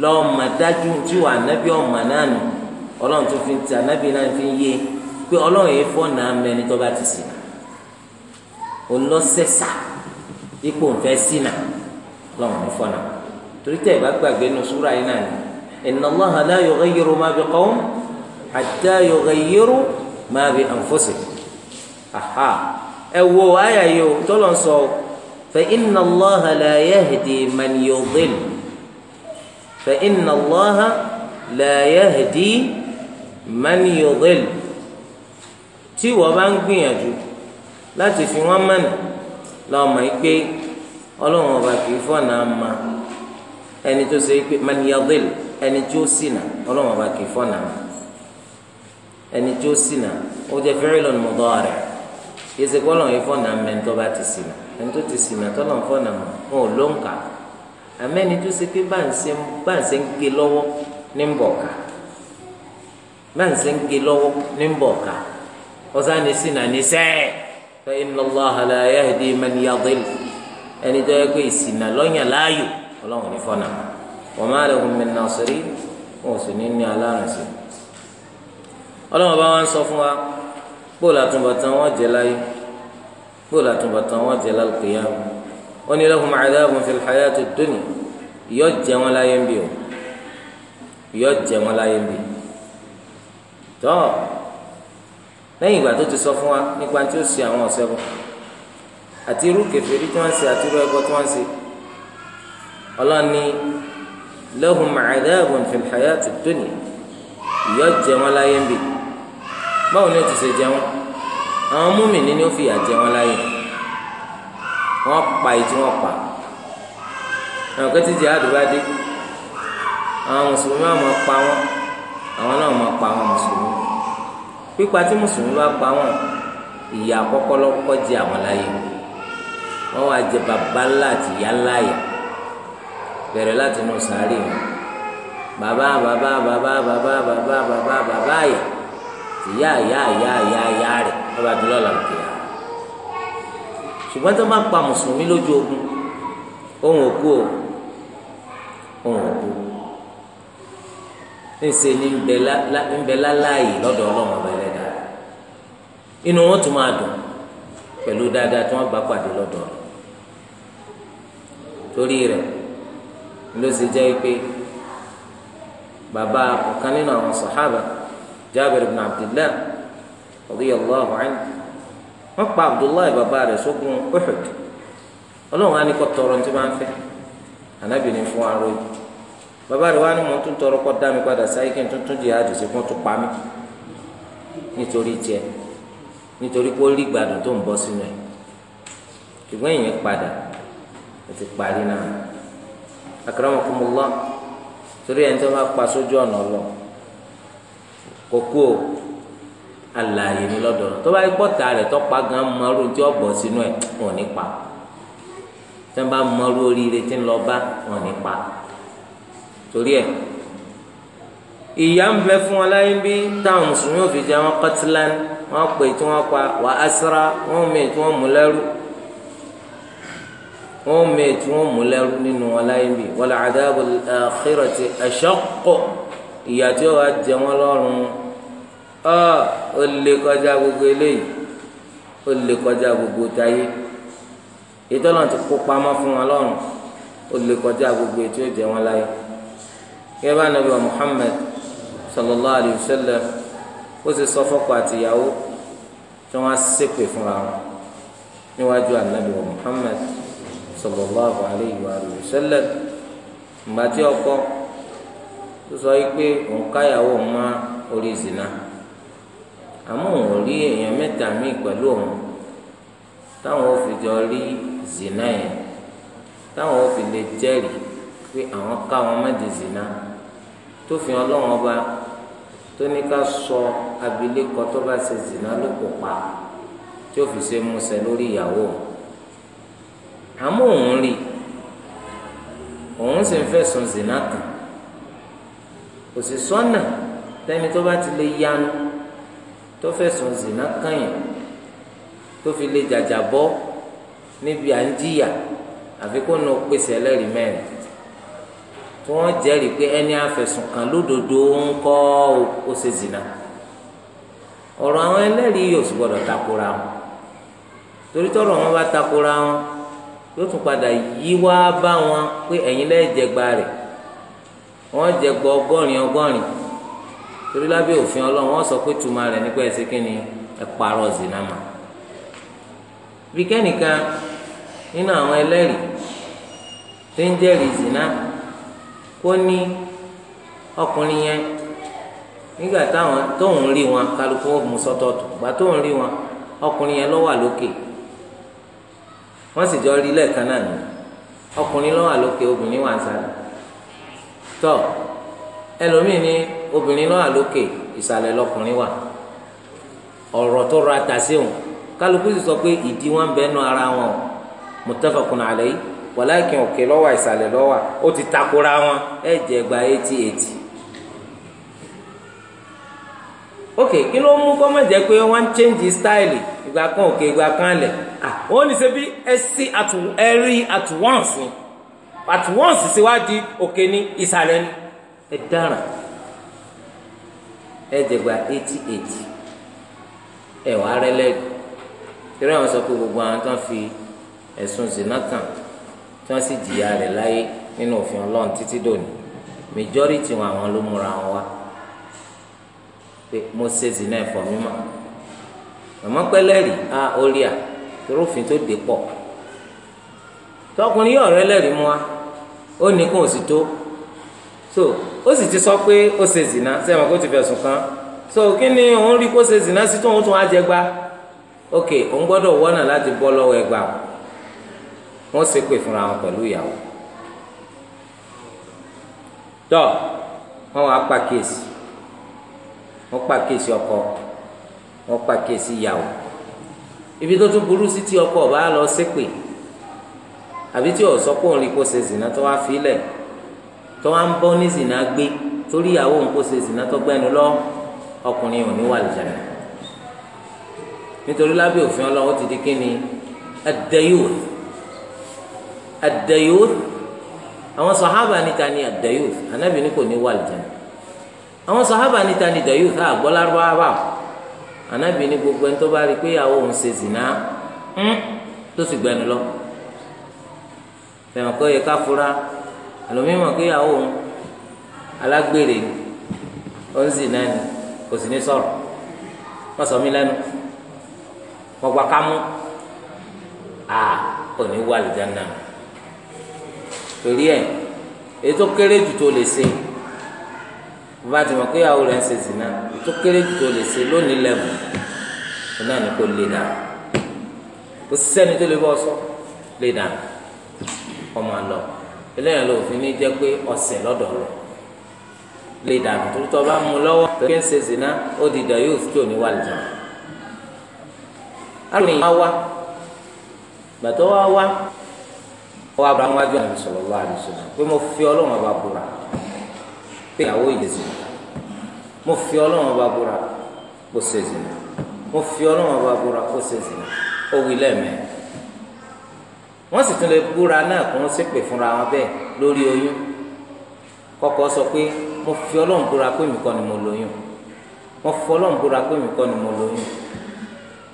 lọ́wọ́ mà dájú tí wọn ànábì ọ̀mà náà nù ọlọ́run tó fi ti ànábì náà fi ń yé pé ọlọ́run yìí fọ̀nà mọ ẹni tó bá ti sì náà òun lọ sẹ́sà ipò nfẹ́ sínà lọ́wọ́n fọ́nà torí tẹ̀ bá gbàgbé nu súra yìí náà ni inna Allaha la yughayyiru ma bi qawm hatta yughayyiru ma bi anfusihim aha ẹ wo àyà yìí o tọ́lọ̀ ń sọ fa inna Allaha la yahdi man yudhill fa inna Allaha la yahdi man yudhill tí wọ́n bá ń gbìyànjú láti fi wọ́n mọ̀nà lọ́mọ yìí pé ọlọ́run ọba kì í fọ̀nà ma ẹni tó ṣe pé maniyadil ẹni tí ó ṣìnà ọlọ́run ọba kì í fọ̀nà ma ẹni tí ó ṣìnà ó jẹ́ fi'lun mudari' yìí ṣe kọ́ lọ́run yìí fọ̀nà mẹ́ńtọ́ bá ti ṣìnà ẹni tó ti ṣìnà tọ́lọ̀ ń fọ̀nà ma wọn ló ń kà àmẹ́ni tó ṣe pé báǹsẹ̀ ń gé lọ́wọ́ ní ń bọ̀ ká báǹsẹ̀ ń gé lọ́wọ́ ní ń bọ̀ ká ọ̀sán ni ṣìnà ní sẹ́ẹ̀ fa inna Allaha la yahdi man yadil ẹni tó yẹ pé ìṣìnà lọ́yàn láàyò ọlọ́run ní fọ́nà wa ma lahum min nasirin wọn ò sì ní ní alárùn sí i ọlọ́run bá wọn sọ fún wa bóòlù àtúbọ̀tán wọn jẹ láyé bóòlù àtúbọ̀tán wọn jẹ lálùkìyà wọn ni lahum adhabun fil hayati dunya ìyọ́ jẹ wọn láyé ń bì o ìyọ́ jẹ wọn láyé ń bì lẹ́yìn ìgbà tó ti sọ fún wa nípa tí ó ṣe àwọn ọ̀sẹ̀ bọ̀ àti irú kèfèrí tí wọ́n ṣe àti irú ẹbọ tí wọ́n ṣe ọlọ́ni lahum adhabun fil hayati dunya ìyọ́ jẹ wọn láyé ń bì báwo ni ó ti ṣe jẹ wọn àwọn múmìnì ni ó fìyà jẹ wọn láyé wọn pa ìtí wọn pa àwọn kẹ́tí jihad bá àwọn mùsùlùmí àwọn máa pa wọn àwọn náà máa pa àwọn mùsùlùmí pípa tí mùsùlùmí bá pa wọn ìyà àkọ́kọ́ lọ́kọ́ jẹ àwọn láyé wọn wá jẹ bàbá ńlá àti ìyá ńlá yà bẹ̀rẹ̀ láti inú sàárè wọn bàbá bàbá bàbá bàbá bàbá bàbá bàbá yà tìyá yà yà yà yà rẹ̀ wọ́n bá dúró lọ́la kìlá ṣùgbọ́n tó bá pa mùsùlùmí lójú ogun ohun òkú o ohun òkú ńṣe ní ń bẹ láláàyè lọ́dọ̀ ọlọ́run ọba inú wọn tún máa dùn pẹ̀lú dáadáa tí wọ́n bá pàdé lọ́dọ̀ rẹ̀ torí rẹ̀ ló ṣe jẹ́ pé bàbá ọ̀kan nínú àwọn sàhábà Jabir ibn Abdullah radiyallahu anhu wọ́n pa Abdullahi bàbá rẹ̀ sógun Uhud ọlọ́run á ní kó tọrọ ní tí wọ́n á fẹ́ anábìrin fún arọ yìí bàbá rẹ̀ wá ní mò ń tọrọ kó dá mi padà sáyé kí n tún tún jihad sí fún tún pa mí nítorí tiẹ̀ nítorí pé ó rí gbádùn tó ń bọ́ sínú ẹ̀ ṣùgbọ́n èèyàn padà ó ti parí náà akramakumullah torí ẹni tó bá pa sójú ọ̀nà lọ kò kú o alààyè ni lọ́dọ̀ tó bá gbọ́ ta rẹ̀ tó pa gan mọ́rú tí ó bọ̀ sínú ẹ̀ wọ́n ní pa tí wọ́n bá mọ́rú oríire tí ń lọ bá wọ́n ní pa torí ẹ̀ ìyá ń bẹ fún ọ láyé bí táwọn mùsùlùmí ò fi jẹ wọn kọtíláni wọ́n pè tí wọ́n pa wà asra wọ́n mè tí wọ́n mú lẹ́rú wọ́n mè tí wọ́n mú lẹ́rú nínú wọn láyé mi wal adhabul akhirati ashaqqu ìyà tí ó wà jẹ wọ́n lọ́rùn ọ ó lè kọjá gbogbo eléyìí ó lè kọjá gbogbo táyé ìtọ́nà ti kó pamọ́ fún wọn lọ́rùn ó lè kọjá gbogbo ètò ìjẹ wọn láyé. gẹ́gẹ́ bá nàbẹ̀ Muhammad sallallahu alayhi wa sallam ó sì sọ fọ́kọ àtìyàwó tí wọ́n á ṣépè fúnra wọn níwájú anabi wa muhammed sallallahu alayhi wa sallam ìgbà tí ọkọ tó sọ yìí pé òun káyàwó má orí zina àmọ́ òun rí èèyàn mẹ́ta míì pẹ̀lú òun táwọn ò fi jọ rí zina yẹn táwọn ò fi lè jẹ́rìí pé àwọn káwọn má di zina tó fi ọlọ́wọ́n bá tó ní ká sọ abilékọ tó bá ṣe zìnà lóko pa tí ó fi ṣe musẹ lórí ìyàwó àmọ́ òun rí òun sì ń fẹ̀sùn zìnà kan kò sì sọ́nà tẹ́ni tó bá ti lè yanu tó fẹ̀sùn zìnà kànyìn tó fi lè jàjà bọ́ níbi à ń jìyà àfikún náà pèsè ẹlẹ́rìí mẹ́rin tí wọ́n jẹ́rìí pé ẹni afẹ̀sùn kàn lódodo ń kọ́ ó zina ọ̀rọ̀ àwọn ẹlẹ́rìí yóò sì gbọ́dọ̀ takora wọn torí tọ́rọ̀ wọn bá takora wọn yóò tún padà yí wá bá wọn pé ẹ̀yin lẹ́yìn jẹgba rẹ̀ wọ́n jẹgba ọgọ́rin ọgọ́rin torí lábẹ́ òfin ọlọ́run wọ́n sọ pé tuma rẹ̀ nípa ẹ̀sìn kínní ẹ̀ zina mà bí kẹ́nìkan nínú àwọn ẹlẹ́rìí tí ń jẹ́rìí zina kó ní ọkùnrin yẹn nígbà táwọn tóun rí wọn kálukú mú sọ́tọ̀ọ̀tọ̀ gbà tóun rí wọn ọkùnrin yẹn ló wà lókè wọ́n sì jọ rí lẹ́ẹ̀kan náà ni ọkùnrin ló wà lókè obìnrin wà nísàlẹ̀ tọ ẹlòmíì ní obìnrin ló wà lókè ìsàlẹ̀ lọkùnrin wà ọ̀rọ̀ tó ra tàṣíwọn kálukú sì sọ pé ìdí wọn bẹ́ẹ̀ ara wọn muttafaqun alayhi wàláìkì òkè lọ́wà ìsàlẹ̀ lọ́wà ó ti takora wọn ẹ jẹ gba eighty eighty. ok kí ló mú gọ́mẹ̀jẹ̀ pé wọ́n ń change style ìgbà kan òkè ìgbà kan lẹ̀ ah wọ́n ní ṣe bí ẹ sí ẹ rí at once ni at once ṣe wá di òkè ní ìsàlẹ̀ ni ẹ dáràn ẹ jẹ gba eighty eighty ẹ wàá rẹ lẹ́gbẹ̀ẹ́ tí wọ́n sọ pé gbogbo àwọn tó ń fi ẹ̀sùn zinatan tí wọ́n sì jìyà rẹ̀ láyé nínú òfin ọlọ́run títí dòní majority wọn àwọn ló múra wọn wá pé mo ṣe zina ẹ̀fọ́ mímọ́ màmá pẹ́lẹ́rì á orí à torófin tó dé pọ̀ tọkùnrin yóò rẹ́ lẹ́rìí mu wa ó ní kó o sì tó so ó sì ti sọ pé ó ṣe zina ṣé àwọn kó ti fẹ̀sùn kàn so kí ni òun rí kó ṣe zina sí tóun tún á jẹ gba ok òun gbọ́dọ̀ wọ́nà láti bọ́ lọ́wọ́ ẹgbàá wọ́n ṣépè fúnra wọn pẹ̀lú ìyàwó tọ́ wọ́n wá pàkíyèsí wọ́n pàkíyèsí ọkọ wọ́n pàkíyèsí ìyàwó ibi tó tún burú sí tí ọkọ ọba lọ sekwe àbí tí ó sọ rí kó ṣe zìnà wá filẹ̀ tó torí ìyàwó kó ṣe zìnà tó gbẹ́nu lọ ọkùnrin nítorí lábẹ́ òfin ọlọ́wọ́ ti di kí ni ẹ̀dẹ́yìí ad-dayuth àwọn sàhábà níta ni ad-dayuth anábì ní kò ní wà lìjẹun àwọn sàhábà níta ni dayuth á gbọ́ lárúbáwá bá anábì ní gbogbo ẹni tó bá rí i pé ìyàwó òun ṣe zìnà hmm, tó sì gbẹnu lọ fẹ̀mọ̀ kọ́ yẹ ká fura àlùmíwọ̀n pé ìyàwó òun alágbèrè ó ń zìnà ni kò sì ní sọ̀rọ̀ wọ́n sọ mí lẹ́nu wọ́n gba kámú à ò ní wà náà torí ẹ èyí tó kéré jù tó lè ṣe bó bá ti mọ̀ pé ìyàwó rẹ̀ ń ṣe zina èyí tó kéré jù tó lè ṣe lónìí lẹ́bù ó náà ní kó lè dà kó sẹ́ni tó lè bọ́ sọ lè dà ọmọ àlọ́ eléyàn ló fi ní jẹ́ pé ọ̀sẹ̀ lọ́dọ̀ lọ lè dà tó tọ́ bá mú lọ́wọ́ tó ń ṣe zina ó di dà yóò tó ní wàlìjà alùpùpù wa wá gbàtọ́ wa wá ó wá báwọn wájú àmì sọ̀rọ̀ lọ́wọ́ àmì sọ̀rọ̀ pé mo fi ọlọ́run ọba búra pé ìyàwó ìyèsí mo fi ọlọ́run ọba búra kó ṣe zìnà mo fi ọlọ́run ọba búra kó ṣe zìnà ó wí lẹ́ẹ̀mẹ́ wọ́n sì tún lè búra náà kó wọ́n ṣépè fúnra wọn bẹ́ẹ̀ lórí oyún kọ́kọ́ sọ pé mo fi ọlọ́run búra pé mi kọ́ ni mo lóyún mo fi búra pé mi kọ́ ni mo lóyún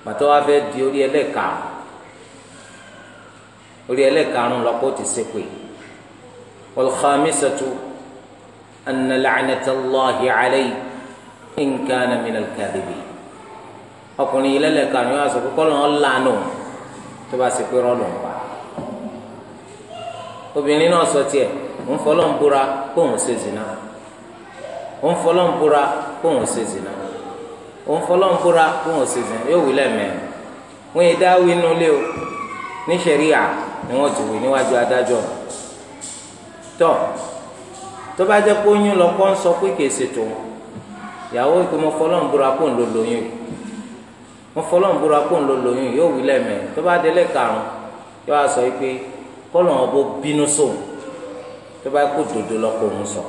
pàtó wá fẹ́ di orí ẹlẹ́ẹ̀karùn orí ẹlẹ́karùn-ún lọ́pọ̀ ti ṣépè walkhamisatu anna la'natallahi alayhi in kana minal kadhibin ọkùnrin yìí lẹ́lẹ́karùn-ún yóò sọ pé kọ́lọ́n ọ̀làánù tó bá ṣe pé rọ́ọ̀lù ń pa obìnrin náà sọ tiẹ̀ ń fọlọ́ ń búra kó òun ṣe zina ń fọlọ́ ń búra kó òun ṣe zina ń fọlọ́ ń búra kó òun ṣe zina yóò wí lẹ́mẹ̀ẹ́ wọ́n yìí dáwọ́ inú ilé o ní ṣẹ̀ríyà ni wọ́n ti wí níwájú adájọ́ tọ́ tó bá jẹ́ pé oyún lọ́kọ́ ń sọ pé kìí ṣètò ìyàwó ìpè mo fọlọ́n búra pò ń lo lóyún mo fọlọ́n búra pò ń lo lóyún yóò wí lẹ́mẹ̀ tó bá délé karùn yóò wá sọ pé kọ́lọ̀ wọn bó bínú sóun tó bá kó dòdò lọ́kọ̀ òun sọ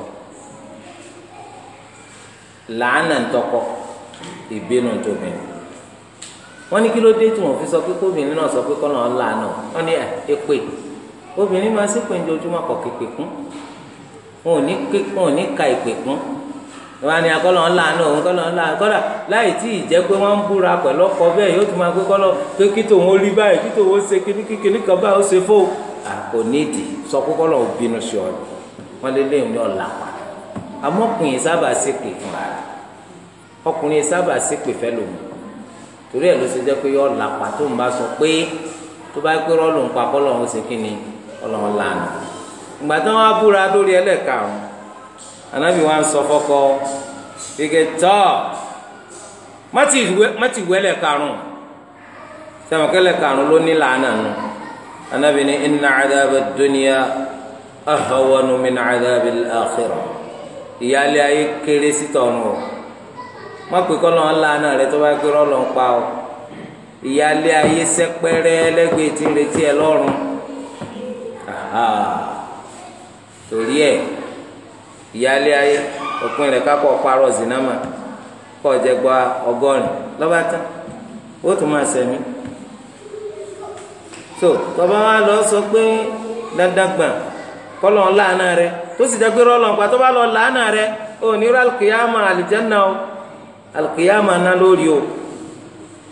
làánà ń tọkọ ìbínú tóbi ni wọ́n ní kí ló dé tí wọ́n fi sọ pé kóbìnrin náà sọ pé kọ́nà ọ̀la náà wọ́n ní èpè obìnrin máa sí péńjọ ojúmọ́ kọ̀ képe kún wọn ò ní ké wọn ò ní ka èpè kún wọn á ní akọ́nà ọ̀la náà òun kọ́nà ọ̀la kọ́dà láì tí ì jẹ́ pé wọ́n ń búra pẹ̀lú ọkọ bẹ́ẹ̀ yóò tún máa pé kọ́nà pé kí tòun ó rí báyìí kí tòun ó ṣe kíní kíní kan báyìí ó ṣe fó kò nídìí sọ pé kọ́nà òbínú ṣe ọ̀rọ̀ wọn lé léyìn ní ọ̀la pa àmọ́kùnrin sábà ṣépè fúnra rẹ̀ ọkùnrin sábà ṣépè fẹ́ lòun torí ẹ̀ ló ṣe jẹ́ pé yọ làpá tó ń bá sọ pé tó bá pé rọ́ọ̀lù ń pa kọ́lọ́hún ṣe kí ni ọlọ́run lànà ìgbà tí wọ́n á búra lórí ẹlẹ́karùn-ún anábì wa ń sọ fọ́kọ gẹ́gẹ́ tọ́ mọ́tì ìwé ẹlẹ́karùn-ún sẹ́wọ̀nkẹ́lẹ̀ karùn-ún ló ní làánà nù anábì ní inna adhaba dunya ahawanu min adhabil akhirah ìyáálé ayé kéré sí o. má pé kọ́ lọ́n la rẹ tó bá gbé rọ́ọ̀lọ́ pa ìyáálé ayé sẹ́pẹ́rẹ́ lẹ́gbẹ̀ẹ́ tí ń retí ẹ lọ́rùn torí ẹ ìyáálé ayé òpin rẹ kápọ̀ parọ́ zinama kọ́ jẹ gba ọgọ́rin lọ́ba tán ó tún máa tó tọba wa lọ sọ pé náà rẹ tó sì pa alùkìyàmà ná lórí o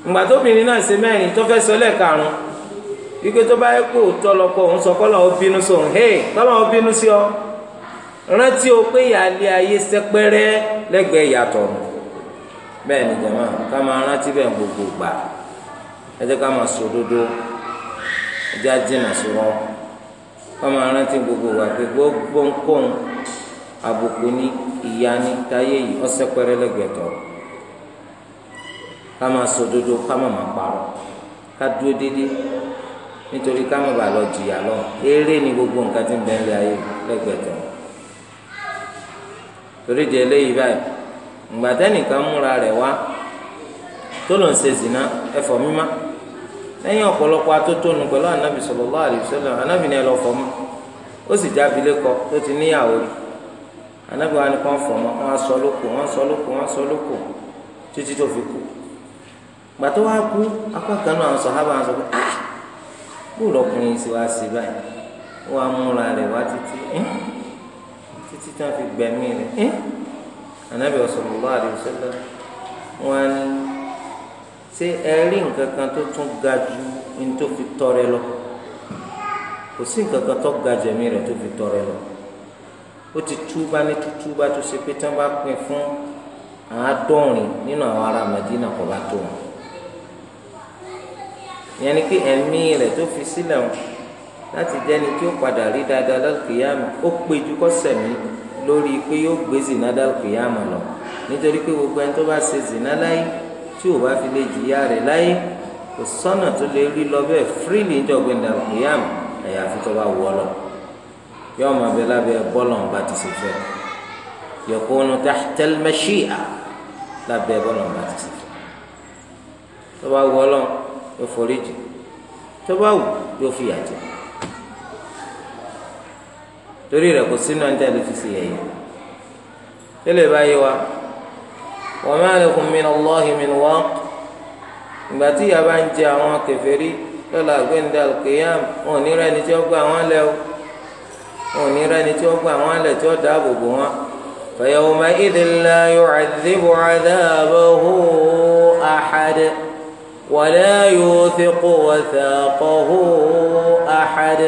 ìgbà tóbìnrin náà ṣe mẹ́rin tó fẹ́ sọ lẹ́ẹ̀karùn wípé tó bá yẹ kó tọ́ òun sọ hey ó bínú sí ọ rántí o pé ìyáálé ayé sẹpẹrẹ lẹ́gbẹ̀ẹ́ ìyàtọ̀ bẹ́ẹ̀ ni jama ká máa rántí bẹ́ẹ̀ gbogbo gbà ẹ jẹ́ ká máa sòdodo ẹ jẹ́ àjìnà sọ̀rọ̀ ká máa rántí gbogbo gbà pé gbogbo kama máa sọ òdodo ká má máa parọ́ ká nítorí ká má lọ jìyà lọ eré ni gbogbo nǹkan ti ń bẹ ńlẹ̀ ayé lẹ́gbẹ̀ẹ́ torí di eléyìí báyìí ngbàtẹ́nìkan múra rẹ̀ wá tó ló ń ṣe zina ẹ̀fọ́ mímá lẹ́yìn ọ̀pọ̀lọpọ̀ atótónu pẹ̀lú anabi sallallahu alaihi anabi ni ẹ lọ fọ́ mọ́ ó sì já ti ni kàn gbàtọ́ wa kú apá kan náà àwọn sọ̀hábà wọn sọ pé ah kó lọkùnrin sì wá sí báyìí ó wàá múra rẹ̀ wá títí eh, títí tí wọ́n fi gbẹ̀mí rẹ̀ eh. ànábì sallallahu alaihi wasallam wọn ṣé ẹ rí nǹkan kan tó tún ga ju ní tó fi tọrẹ lọ kò sí nǹkan kan tó ga jẹ̀mí rẹ̀ tó fi tọrẹ lọ ó ti túbá ní túbá tó ṣe pé tí wọ́n bá pín fún àádọ́rin nínú àwọn ará Madina kò bá tó wọn ìyẹn ni pé ẹ̀mí rẹ̀ tó fi sílẹ̀ wọn láti jẹ́ni tí ó padà rí dáadáa lálùkìyàmù ó péjú kọ́ sẹ̀mí lórí pé yóò gbé zìnà lálùkìyàmù lọ nítorí pé gbogbo ẹni tó bá ṣe zìnà láyé tí ò bá fi lè jìyà rẹ̀ láyé kò sọ́nà tó lè rí lọ bẹ́ẹ̀ fírílì ìjọgbìn lálùkìyàmù àyàfi tó bá wọ lọ yóò máa bẹ lábẹ́ bọ́lọ̀ ńgbà ti ṣe fẹ́ yakunu tahta al lábẹ́ bọ́lọ̀ ńgbà ti ṣe fẹ́ tó bá wọ lọ́wọ́ yóò foríjì tó bá wù yóò fi yà jẹ torí rẹ̀ kò sínú ẹni tẹ́lẹ̀ fi si yẹ̀yẹ́ tẹ́lẹ̀ báyìí wa wa ma lakum minallahi min waq ìgbà tí ìyá bá ń jẹ àwọn kèfèrí lọ́la àgbẹ̀ǹda al-qiyam wọn ò ní rẹ́ tí wọ́n gbọ́ àwọn lẹ́ o wọn ò ní rẹ́ tí wọ́n gbọ́ àwọn lẹ́ tí wọ́n dáàbò bò wọn. fa yawma'idhin la yu'adhibu 'adhabahu ولا يوثق وثاقه أحد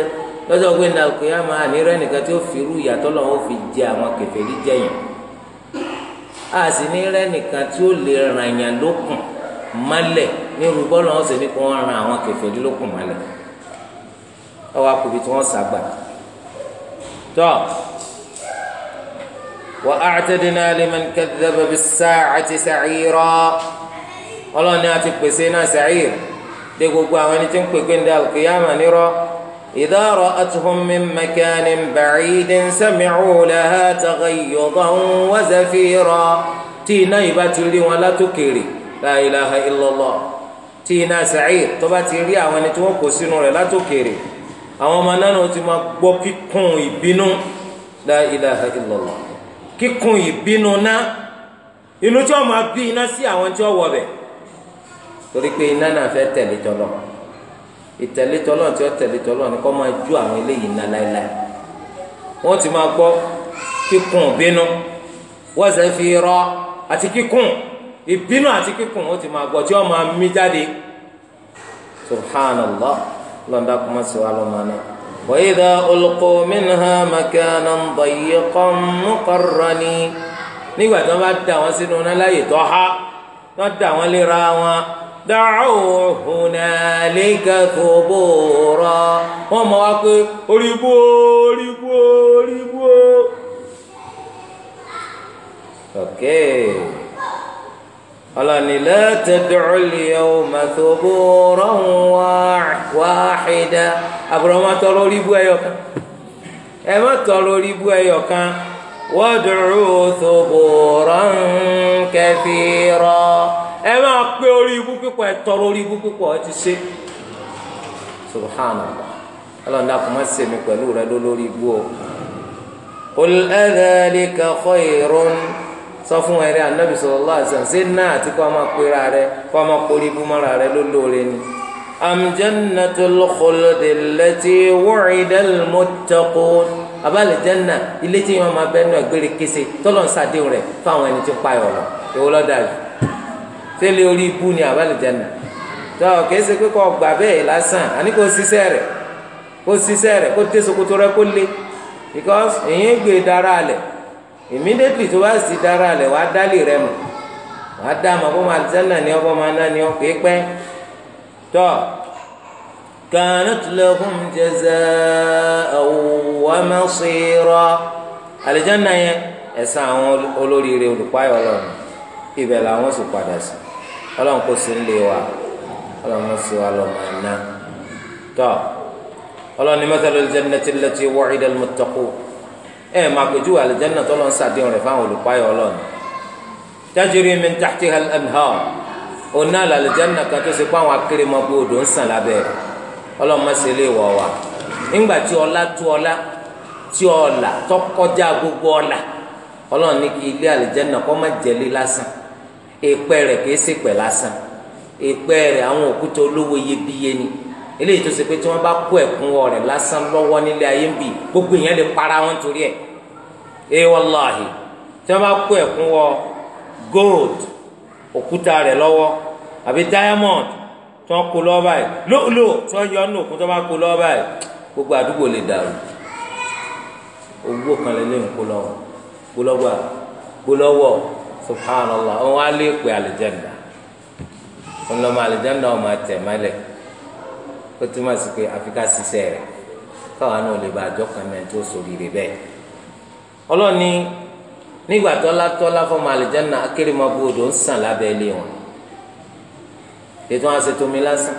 lọ́jọ́ gbé ní alùpùpù máa nírọ́ ẹnìkan tí ó firú ìyàtọ̀ lọ́wọ́ fi jẹ àwọn kèfèrí jẹyàn a sì nírọ́ ẹnìkan tí ó lè ràn yàn lókun mọ́lẹ̀ ní rúbọ́ lọ́wọ́ sì ní wọ́n ran àwọn kèfèrí lókun mọ́lẹ̀ ọwọ́ akùbí tí wọ́n sàgbà tọ́ وأعتدنا لمن كذب بالساعة سعيرا ọlọ́run ní a ti pèsè náà sa'ir dé gbogbo àwọn ẹni tí ń pèpè ń da al-qiyamah nírọ́ idha ra'athum min makanin ba'idin sami'u laha taghayyudan wa zafira tí iná yìí bá ti rí wọn látòkèrè la ilaha illallah tí iná sa'ir tó bá ti rí àwọn ẹni tí wọ́n kó sínú rẹ̀ látòkèrè àwọn ọmọ náà ti máa gbọ́ kíkún ìbínú la ilaha illallah kíkún ìbínú náà inú tí wọ́n máa bí iná sí àwọn tí wọ́n wọ̀ torí pé iná náà fẹ́ tẹ̀lé tọ́lọ̀ ìtẹ̀lé tọ́lọ̀ tí ó tẹ̀lé tọ́lọ̀ ni kọ́ máa ju àwọn eléyìí iná láéláé wọ́n ti máa gbọ́ kíkùn bínú wọ́n sì fi rọ àti kíkùn ìbínú àti kíkùn wọ́n ti máa gbọ́ tí wọ́n máa mí jáde subhanallah lọ́dà kọ́má sí wa lọ́mọ náà. وإذا ألقوا منها مكانا ضيقا مقرني nígbà tí wọ́n bá لا wọ́n sínú náà dàáwò hùnàlẹ́kà thubura wọ́n mọ̀ wá pé orígbó orígbó orígbó. okay ọlọ́ni la tad'ul yawma thuburan wahida àbúrò má tọrọ orígbó ẹyọ kan ẹ má tọrọ orígbó ẹyọ kan wad'u thuburan kathira ẹ máa pé orí ibú pípọ̀ ẹ tọrọ orí ibú pípọ̀ ẹ ti ṣe subhanallah ọlọ́dà kò má ṣe mi pẹ̀lú rẹ lórí ibú o. qul adhalika khayrun sọ fún wọn eré anabi sallallahu alaihi wasallam ṣé náà àti kó a máa pera rẹ kó a máa kórí ibú mọ́ra rẹ lólóore ni. am jannatul khuldi allati wu'idal muttaqun abali janna ilé tí wọn máa bẹ́ẹ̀ náà gbére kése tọ́lọ́ ń sàdéhùn rẹ̀ fáwọn ẹni tó payọ̀ lọ èwo lọ́dà yìí tẹ́lẹ̀ orí ibú ni àbálẹ̀ jẹ́nà tọ́ kìí ṣe pé kọ́ gbà bẹ́ẹ̀ lásán àní kò ṣiṣẹ́ rẹ̀ kò ṣiṣẹ́ rẹ̀ kò tẹ́ ṣòkòtò rẹ̀ kò le because èyàn gbé dára alẹ̀ immediately tó bá sì dára alẹ̀ wàá dálé rẹ̀ mọ̀ wàá dá àmọ́ kó máa jẹ́nà ni ọ́ kó máa ná ni ọ́ kìí pẹ́ tọ́ kanat lahum jazaa wa masira àlìjẹ́nà yẹn ẹ̀san àwọn olóríire olùpáyọ̀ lọ́nà ibẹ̀ làwọn sì padà sí ọlọ́run kò sí lé wa ọlọ́run sì wà lọ́mọ iná tọ́ ọlọ́run ní mathalul jannati allati wu'ida al-muttaqun ẹ̀ máa pèjú àlùjẹ́nà tó lọ́n sàdéhùn rẹ̀ fáwọn olùpáyọ̀ ọlọ́run tajri min tahtiha al-anhar ọ̀nà àlùjẹ́nà kan tó ṣe pé àwọn akérèmọ́gbó odò ń sàn lábẹ́ rẹ̀ ọlọ́run má ṣe lé wọ̀ wa nígbà tí ọlá tó ọlá tí ọlà tó gbogbo ọlà ọlọ́run ní ilé àlùjẹ́nà kọ́ má jẹ́lé lásán èèpẹ̀ rẹ̀ kìí ṣe pẹ̀ lásán èèpẹ̀ rẹ̀ àwọn òkúta olówó iyebíye ni eléyìí tó ṣe pé tí wọ́n bá kó ẹ̀kúnwọ́ rẹ̀ lásán lọ́wọ́ nílé ayé ń bì gbogbo èèyàn lè para wọn torí ẹ̀ ẹ wàláhì tí wọ́n bá kó ẹ̀kúnwọ́ gold òkúta rẹ̀ lọ́wọ́ àbí diamond tí wọ́n kó lọ́wọ́ báyìí lóòlò tí wọ́n yọ ọ́nà òkú tí wọ́n bá kó lọ́wọ́ báyìí gbogbo àdúgbò lè dàrú owó kan lè lè ń kó lọ́wọ́ kó lọ́wọ́ kó lọ́wọ́ subhanallah ó wá lé pé alìjẹ́ndà ó lọ́ mọ alìjẹ́ndà ọmọ àtẹ̀ mọ́lẹ̀ ó túmọ̀ sí pé àfikà ṣiṣẹ́ rẹ̀ káwọn náà lè bá àjọ kan náà tó nígbà tọ́lá tọ́lá odò ń sàn lábẹ́ ilé wọn ètò wọn ṣètò mi lásán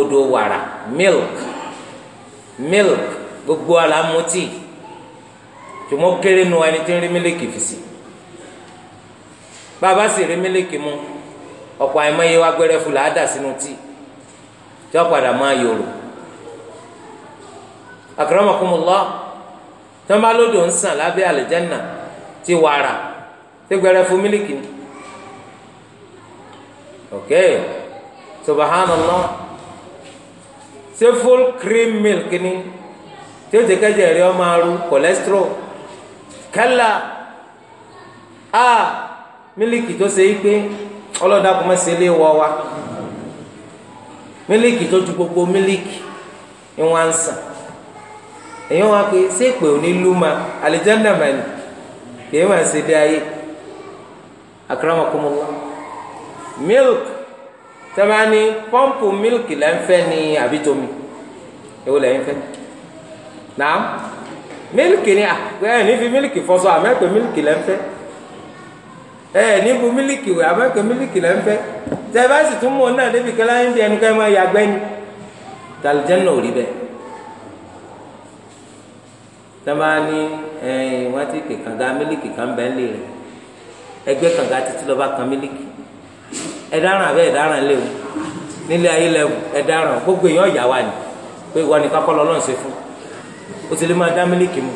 odò wàrà milk milk gbogbo tùmọ̀ kéré nu ẹni tí ń rí mílíkì fi si bàbá sì rí mílíkì mu ọ̀pọ̀ àìmọye wa gbẹrẹ fúlà á dà sínú tíì tí wọ́n padà máa yòrò akramakumullah tọ́mbalódò ń sàn lábẹ́ àlùjánnà ti wàrà tí gbẹrẹ fún mílíkì ni ok subhanallah ṣé full cream milk ni tí o ti kẹ́jẹ̀ rí ọ máa ru cholesterol kẹ́là a miliki tó ṣe é pé ọlọ́dà kò mọ̀ sí ilé wọ wa mílíkì tó ju gbogbo mílíkì ni wọ́n ń sàn èyí wọn pe sèpè òní luma alìjẹ́ndà mẹ́ni kìí máa ṣe dé ayé akramakumullah milk tẹ́mání pọ́ǹpù mílìkì lẹ́ńfẹ́ ni àbí tomi èwo lẹ́yìn fẹ́ nàá mílìkì ni ẹ nífi mílìkì fọṣọ àmẹ́pẹ́ mílìkì lẹ́ ń fẹ́ ẹ níbu mílìkì wẹ̀ àmẹ́pẹ́ mílìkì lẹ́ ń fẹ́ tẹ bá sì tún mọ̀ náà débi kẹlẹ́ ń bí ẹnu kẹ́ máa yàgbẹ́ ni tàlùjẹ́nà ò rí bẹ́ẹ̀ tẹ́lá ní ẹ̀yìn wọ́n ti kè kànga mílìkì kan bẹ́ẹ̀ lè rẹ̀ ẹgbẹ́ kànga títí lọ́ba kan mílìkì ẹ̀dáràn abẹ́ ẹ̀dáràn léwu nílé ayé lẹ́wù ẹ̀dáràn gbogbo èèyàn ọ̀yà wa ni pé ìwọ ni kakọ́ lọ́lọ́run ṣe fún un o sì lè máa dá mílíkì mu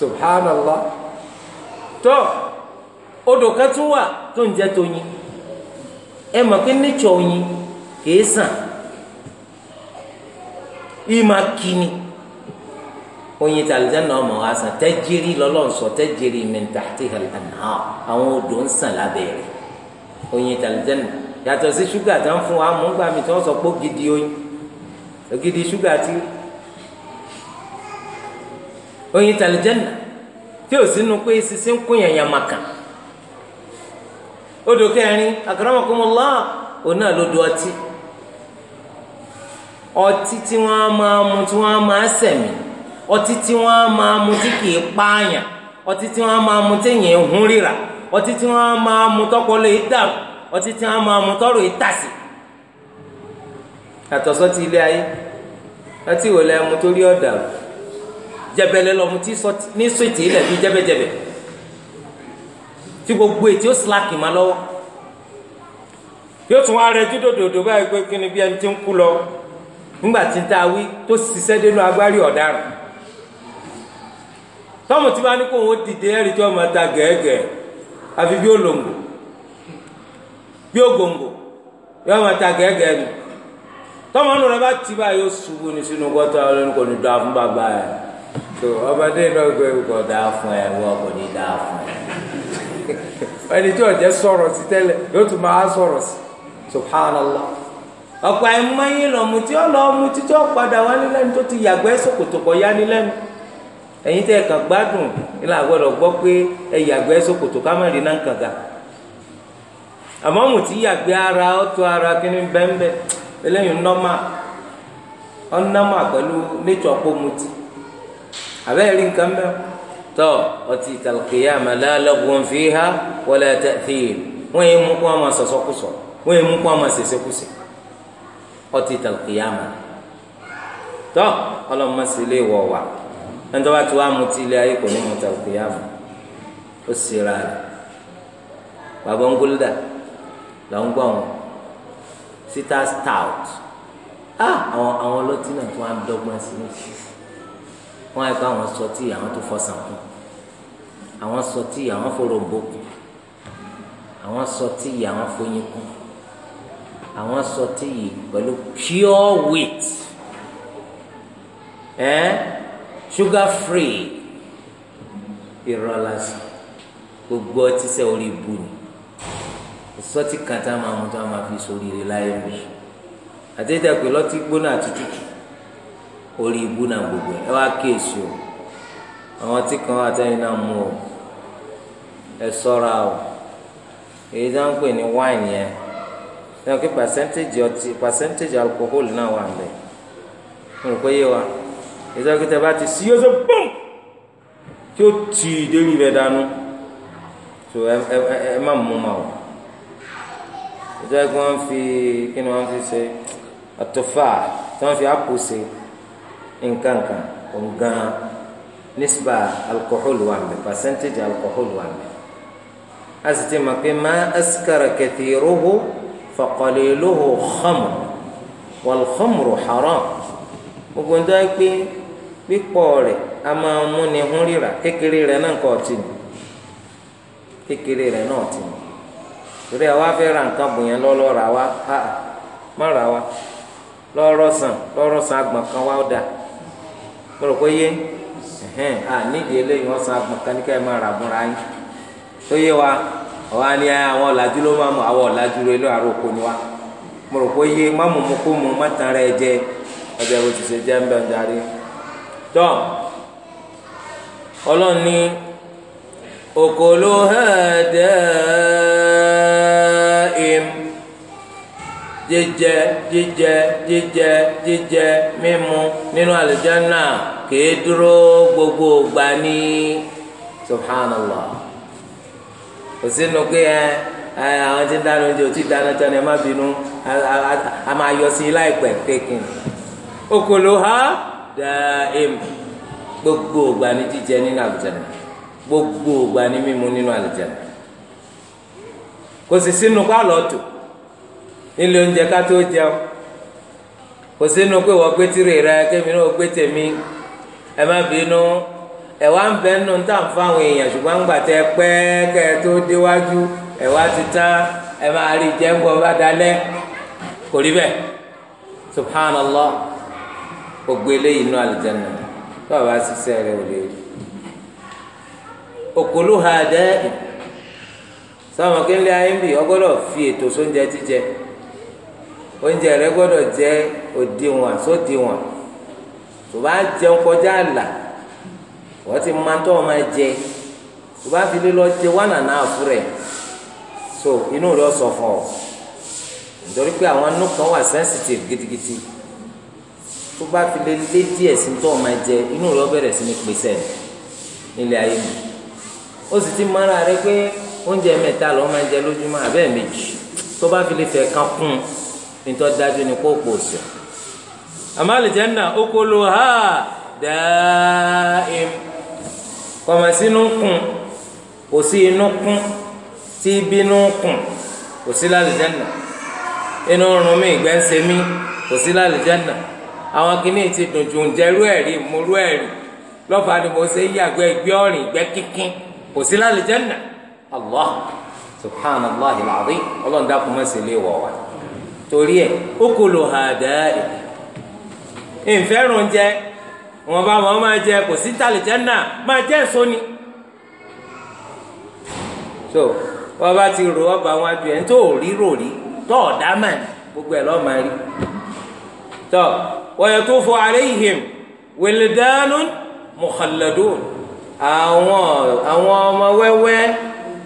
subhanallah tó odò kan tún wà tó ń jẹ́ tóyin ẹ mọ̀ pé nature oyin kìí sàn ìmọ̀ kìíní oyin tí alìjẹ́nà ọmọ wa sàn tẹ́jìrì lọ́lọ́sọ tẹ́jìrì min tahtihal anhar àwọn odò ń sàn lábẹ́ rẹ̀ oyin tí alìjẹ́nà yàtọ̀ sí ṣúgà tó ń fún wa mú gbàmí tí wọ́n sọ pé ó gidi oyin ògidì ṣúgà tí oyin tàlìjẹ́nà tí ò sínú pé sisi ń kún yẹn ya odò kẹrin akramakumullah òun náà ló do ọtí ọtí tí wọ́n máa mu tí wọ́n máa sẹ̀mí ọtí tí wọ́n máa mu tí kì í pààyàn ọtí tí wọ́n máa mu tí yẹn hún ríra ọtí tí wọ́n máa mu tọpọlọ yìí dàrú ọtí tí wọ́n máa mu tọrọ yìí àtọ̀sọ́ ti ilé ayé ọtí wò lẹ́mu torí jẹbẹlẹ lọmú tí sọ ní sètì ilẹ̀ bíi jẹbẹjẹbẹ ti gbogbo eti o sílàkì ma lọ́wọ́ yóò tún wá rẹ dídòdòdò báyìí pé kí ni bí ẹni tí ń kú lọ nígbà tí ń ta wí tó ṣiṣẹ́ dénú agbárí ọ̀daràn tọ́mù tí bá ní kó wọ́n dìde ẹ̀rí tí ta gẹ̀ẹ́gẹ̀ẹ́ àfi bí olóńgbò bí ògòǹgbò yóò máa ta gẹ́gẹ́ ni tọ́mọ nù rẹ bá ti báyìí ó ṣubú ni sínú gọ́tà ọlọ́run kò ní dá fún bàbá so ọmọdé náà gbé ọkọ̀ dáa fún ẹ wọ́n kò ní dáa fún ẹ ẹni tí ọ̀jẹ̀ sọ̀rọ̀ sí tẹ́lẹ̀ yóò tún máa sọ̀rọ̀ sí subhanallah ọ̀pọ̀ àìmọye lọ́mù tí títí wá tó ti yàgbẹ́ ẹ̀yin tẹ́ kàn gbádùn gbọ́ pé ẹ yàgbẹ́ ká má rí náà kàn ara ọ̀tọ̀ ara kíní bẹ́ńbẹ́ eléyìí pẹ̀lú pọ̀ àbẹ́ẹ̀ rí nǹkan mẹ́wọ́ tọ́ ọtí al-qiyāmah lā laghwun fīhā wa lā ta'thīm wọ́n yẹ mú kó wọn máa sọ̀sọ́kùsọ̀ wọ́n yẹ mú kó wọn máa sẹ̀sẹ̀kùsẹ̀ ọtí al-qiyāmah tọ́ ọlọ́mọsí lè wọ̀ wá ẹni tó bá ti wá mutí ilé ayé kò ní mu al-qiyāmah ó sì ra rẹ̀ bàbá ń gúlúdà lọ ń gbọ́ wọn stout ah àwọn àwọn ọlọ́tí náà tó wá dọ́gbọ́n sí i wọ́n á gbọ́ àwọn sọ tí àwọn tó fọsàn kù àwọn sọ tí àwọn foròǹbó kù àwọn sọ tí àwọn foyin kù àwọn sọ tí yìí pẹ̀lú pure wheat ẹ́ sugar free irọ́ lásán gbogbo ọtí sẹ́ orí ibu ni sọtí kan tá a máa mú tá a máa fi sórí rẹ̀ láyé mi àti ìdàgbé lọ́tí gbóná àti tútù orí ibú náà gbogbo ẹ wá kéèsì o àwọn tí kan wà tẹ́yìn náà mú o ẹ sọ́ra o èyí tó ń pè ní wáìnì yẹn ṣé wọn kí pàṣẹ́ntéèjì ọtí pàṣẹ́ntéèjì alukóhólì náà wà níbẹ̀ mo rò pé yé wa èyí tó ń kíta bá ti sí yóò ṣe bọ́m tí ó tì í dérí rẹ̀ tó ẹ ẹ ẹ má mú ma o ìjọba kí wọ́n fi kí ni wọ́n fi ṣe àtọ́fà tí wọ́n fi àpò ṣe nkankan ongan nisba alkohol wà mí percentage alkohol wà mí a sì ti mọ̀ pé má askara kathiruhu faqaliluhu khamr wal khamru haram gbogbo ń dá pé pípọ̀ rẹ̀ a máa mú ni hún ríra kékeré rẹ̀ náà kọ̀ ọ̀tí ni kékeré rẹ̀ náà ọ̀tí ni torí ẹ wá fẹ́ ra nǹkan bùnyẹn lọ́lọ́ ra wa má ra wa lọ́rọ̀ sàn lọ́rọ̀ sàn àgbọ̀n kan wá ó kúrò ihe a nídìí eléyìí wọn san agbọn kan ní ká ẹ máa rà wa ọ̀hán ni àwọn ọ̀làjú ló máa mú àwọn ọ̀làjú ló lọ àrò kò ní wa mo rò kó má mú mu kó mu má tàn rẹ jẹ ọjà bó ti ṣe jẹ ń bẹ jíjẹ jíjẹ jíjẹ jíjẹ mímu nínú àlùjáná kìí dúró gbogbo gbani subhanallah kò sínú pé ẹ àwọn tí ń dáná oúnjẹ ò tí ì dáná tán ẹ má bínú a máa yọ sí i láìpẹ́ kékin okòló ha dáìm gbogbo gbani jíjẹ nínú àlùjáná gbogbo gbani mímu nínú àlùjáná kò sì sínú pálọ̀ tó. nílé oúnjẹ ká tó jẹun kò sínú pé wọ́n gbé tìrì rẹ kémi náà gbé tèmi ẹ má bínú ẹ wá ń bẹ nínú tá à ń fáwọn èèyàn ṣùgbọ́n ń gbàtẹ pẹ́ kẹ́ ẹ tó déwájú ẹ wá ti tán ẹ máa rí jẹ́ ń bọ́ bá dalẹ́ kò rí bẹ́ẹ̀ ha dẹ́ sọ́mọ́kínlẹ̀ ayé ń bì ọgbọ́dọ̀ fi ètò sóúnjẹ jíjẹ. oúnjẹ rẹ gbọ́dọ̀ jẹ́ òdiwọ̀n sódiwọ̀n tó bá jẹun kọjá àlà wọ́n ti máa tọ́ ọ jẹ tó bá fi lọ jẹ wà so inú rẹ sọ fún nítorí pé àwọn inú kan wà sensitive gidigidi tó bá fi lé lé sí tọ́ jẹ inú rẹ bẹ̀rẹ̀ sí pèsè ayé mi ó sì ti rẹ pé oúnjẹ mẹ́ta lọ́ọ́ máa jẹ lójúmọ́ méjì tó bá fi lè fẹ́ nítorí dájú ni kó pò sùn àmọ́ àlìjẹ́nà okolo ha dáìm kọ̀mọ̀ sínú kùn kò sí inú kún tí bínú kùn kò sí lálìjẹ́nà inú rún mi ìgbẹ́ ń ṣe mí kò sí lálìjẹ́nà àwọn kìíní ti dùn jù ń jẹ́rú ẹ̀rí múrú ẹ̀rí lọ́fà ni mo ṣe yàgbẹ́ ìgbẹ́ ọ̀rìn ìgbẹ́ kínkín kò sí lálìjẹ́nà allah subhanallah alazim ọlọ́run dákun mọ́ sí ilé wọ̀ wá torí ẹ̀ ó kò lò hàn dáàdì ìfẹ́ràn jẹ wọn bá wọn máa jẹ kò sí tàlẹ̀jẹ́ náà máa jẹ́ èso ni so wọn bá ti rò ọba wọn ju ẹ̀ ń tó rí rò rí tó ọ̀dá mà ní gbogbo ẹ̀ lọ́ọ́ máa rí tó wọ́n yẹ tó fọ alayhim wildanun mukhalladun àwọn àwọn ọmọ wẹ́wẹ́.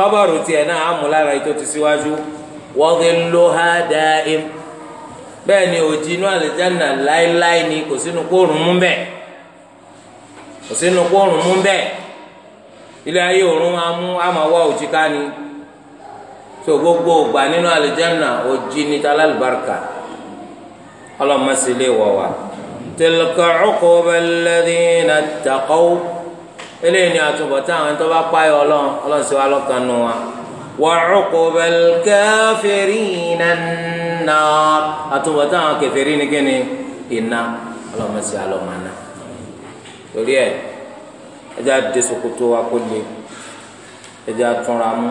kọ́bọ̀rù tiẹ̀ náà á mú lára ètò ti síwájú wadhilluha da'im bẹ́ẹ̀ ni òjì inú àlùjáná láéláé ni kò sínú kóòrùn mú bẹ́ẹ̀ kò sínú kóòrùn mú bẹ́ẹ̀ ilé ayé òórùn máa mú òjì ká ni tó gbogbo ògbà nínú àlùjáná òjì ní találùbáríkà ọlọ́mọ sílé wọ̀ wá tilka uqbal ladhina ttaqaw eléyìí ni àtúbọ̀tán àwọn tó bá páyọ̀ ọlọ́run ọlọ́run sì wá lọ́kàn nù wa. wa uqbal kafirina an-nar àtúbọ̀tán àwọn kèfèrí ni kíni iná ọlọ́run sì wá lọ́mọ náà. torí ẹ ẹjẹ àti sokoto wa kó le ẹjẹ àtúnra mú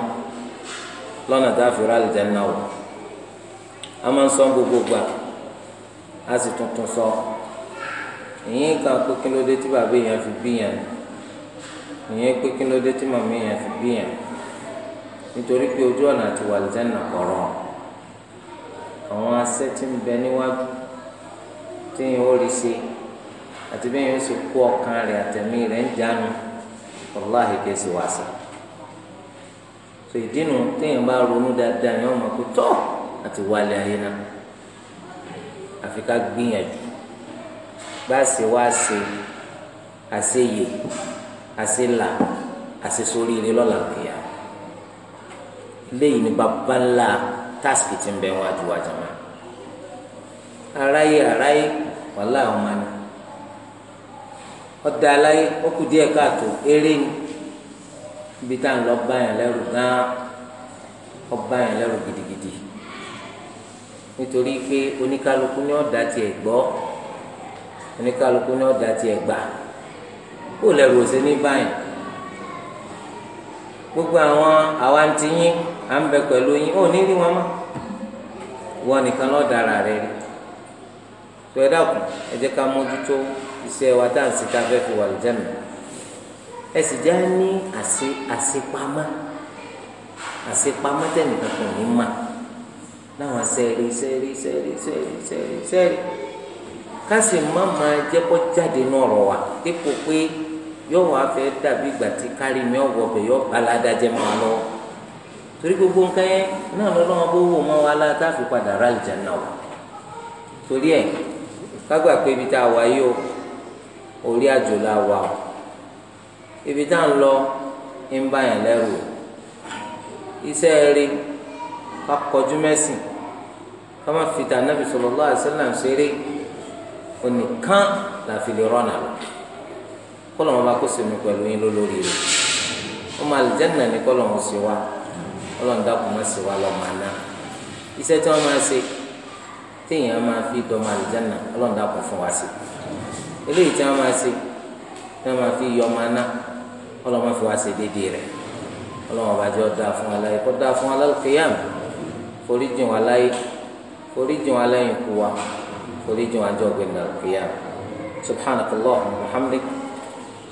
lọ́nà tá a fi rálẹ̀ jẹ́ náà wọ̀ a máa ń sọ gbogbo gbà a sì tuntun sọ ìyẹn kan pé kí ló dé tí bàbá èèyàn fi bí yẹn ìyẹn pé kí ló dé tí màmí yẹn fi bí yẹn nítorí pé ojú ọ̀nà àti wàlìjánà kọ̀rọ̀ àwọn asẹ́ tí ń bẹ níwájú tí yẹn ó rí ṣe àti bẹ́ẹ̀ yẹn ó sì kó ọkàn rẹ̀ àtẹ̀mí rẹ̀ ń jánu wàláhì kẹsì wá so ìdínú téèyàn bá ronú dáadáa yẹn wọn mọ̀ pé tọ́ àti wálé ayé náà àfi ká gbìyànjú bá a ṣe wá àṣẹ là àṣẹ sórí ilé lọ́la kìyà léyìí ni bàbá ńlá táàsì ti ń bẹ wọn àjùwà jàmá aráyé aráyé wàhálà ọmọ ni ọdẹ aláyé ó kù díẹ̀ káàtó eré ni ibi tá à ń lọ bá yàn lẹ́rù gán ọba yàn lẹ́rù gidigidi nítorí pé oníkálukú ni ọ̀dà tiẹ̀ gbọ́ oníkálukú ni ọ̀dà tiẹ̀ gbà kó lẹ́rù òsè ní báyìí gbogbo àwọn àwa ń tiyín à ń bẹ pẹ̀lú yín ó ní ní wọn mọ́ wọn nìkan lọ́ọ́ dára rẹ rí tó ẹ dàkún ẹ jẹ́ ká mójútó iṣẹ́ wa tá à ń sika fẹ́ fi wà lìjẹ́nu ẹ sì já ní àṣepamọ́ àṣepamọ́ tẹ̀nìkan kò ní mà láwọn sẹ́ẹ̀rì sẹ́ẹ̀rì sẹ́ẹ̀rì sẹ́ẹ̀rì sẹ́ẹ̀rì sẹ́ẹ̀rì ká sì má máa jẹ́pọ̀ jáde náà rọ̀ wá dípò pé yóò wá fẹ́ dàbí ìgbà tí kárí mi ọ̀wọ́ bẹ̀ yọ aládàjẹ́ mọ́ wa lọ́wọ́ torí gbogbo nǹkan yẹn náà lọ́wọ́ bó wò mọ́ wa láti àfi padà rà lìjà náà wà torí ẹ̀ kágbà pé ibi tá a wà yìí o orí àjò la wà o ibi tá à ń lọ ń bá yàn lẹ́rù o iṣẹ́ rí kọjú mẹ́sìn ká má nàbì sallallahu alaihi wasallam ṣeré onìkan la fi lè rọ́nà lọ kọlọmọ bá kó sèmi pẹ̀lú yín lólórí rẹ ọmọ alìjẹnà ní kọlọmọ sí wa kọlọmọ dàpọ̀ má sí wa lọ́mọ àná iṣẹ́ tí wọ́n máa ṣe téèyàn máa fi dọ́mọ alìjẹnà kọlọmọ dàpọ̀ fún wa sí eléyìí tí wọ́n máa ṣe tí wọ́n máa fi yọ ọmọ àná kọlọmọ fi wa ṣe déédéé rẹ kọlọmọ bá jẹ́ ọ̀dà fún aláyé kọ́ dá fún alákìyàm foríjìn wa láyé foríjìn wa lẹ́yìn kú wa foríjìn wa jẹ́ ọ̀gbìn alákìyàm subhanakallah wa hamdika.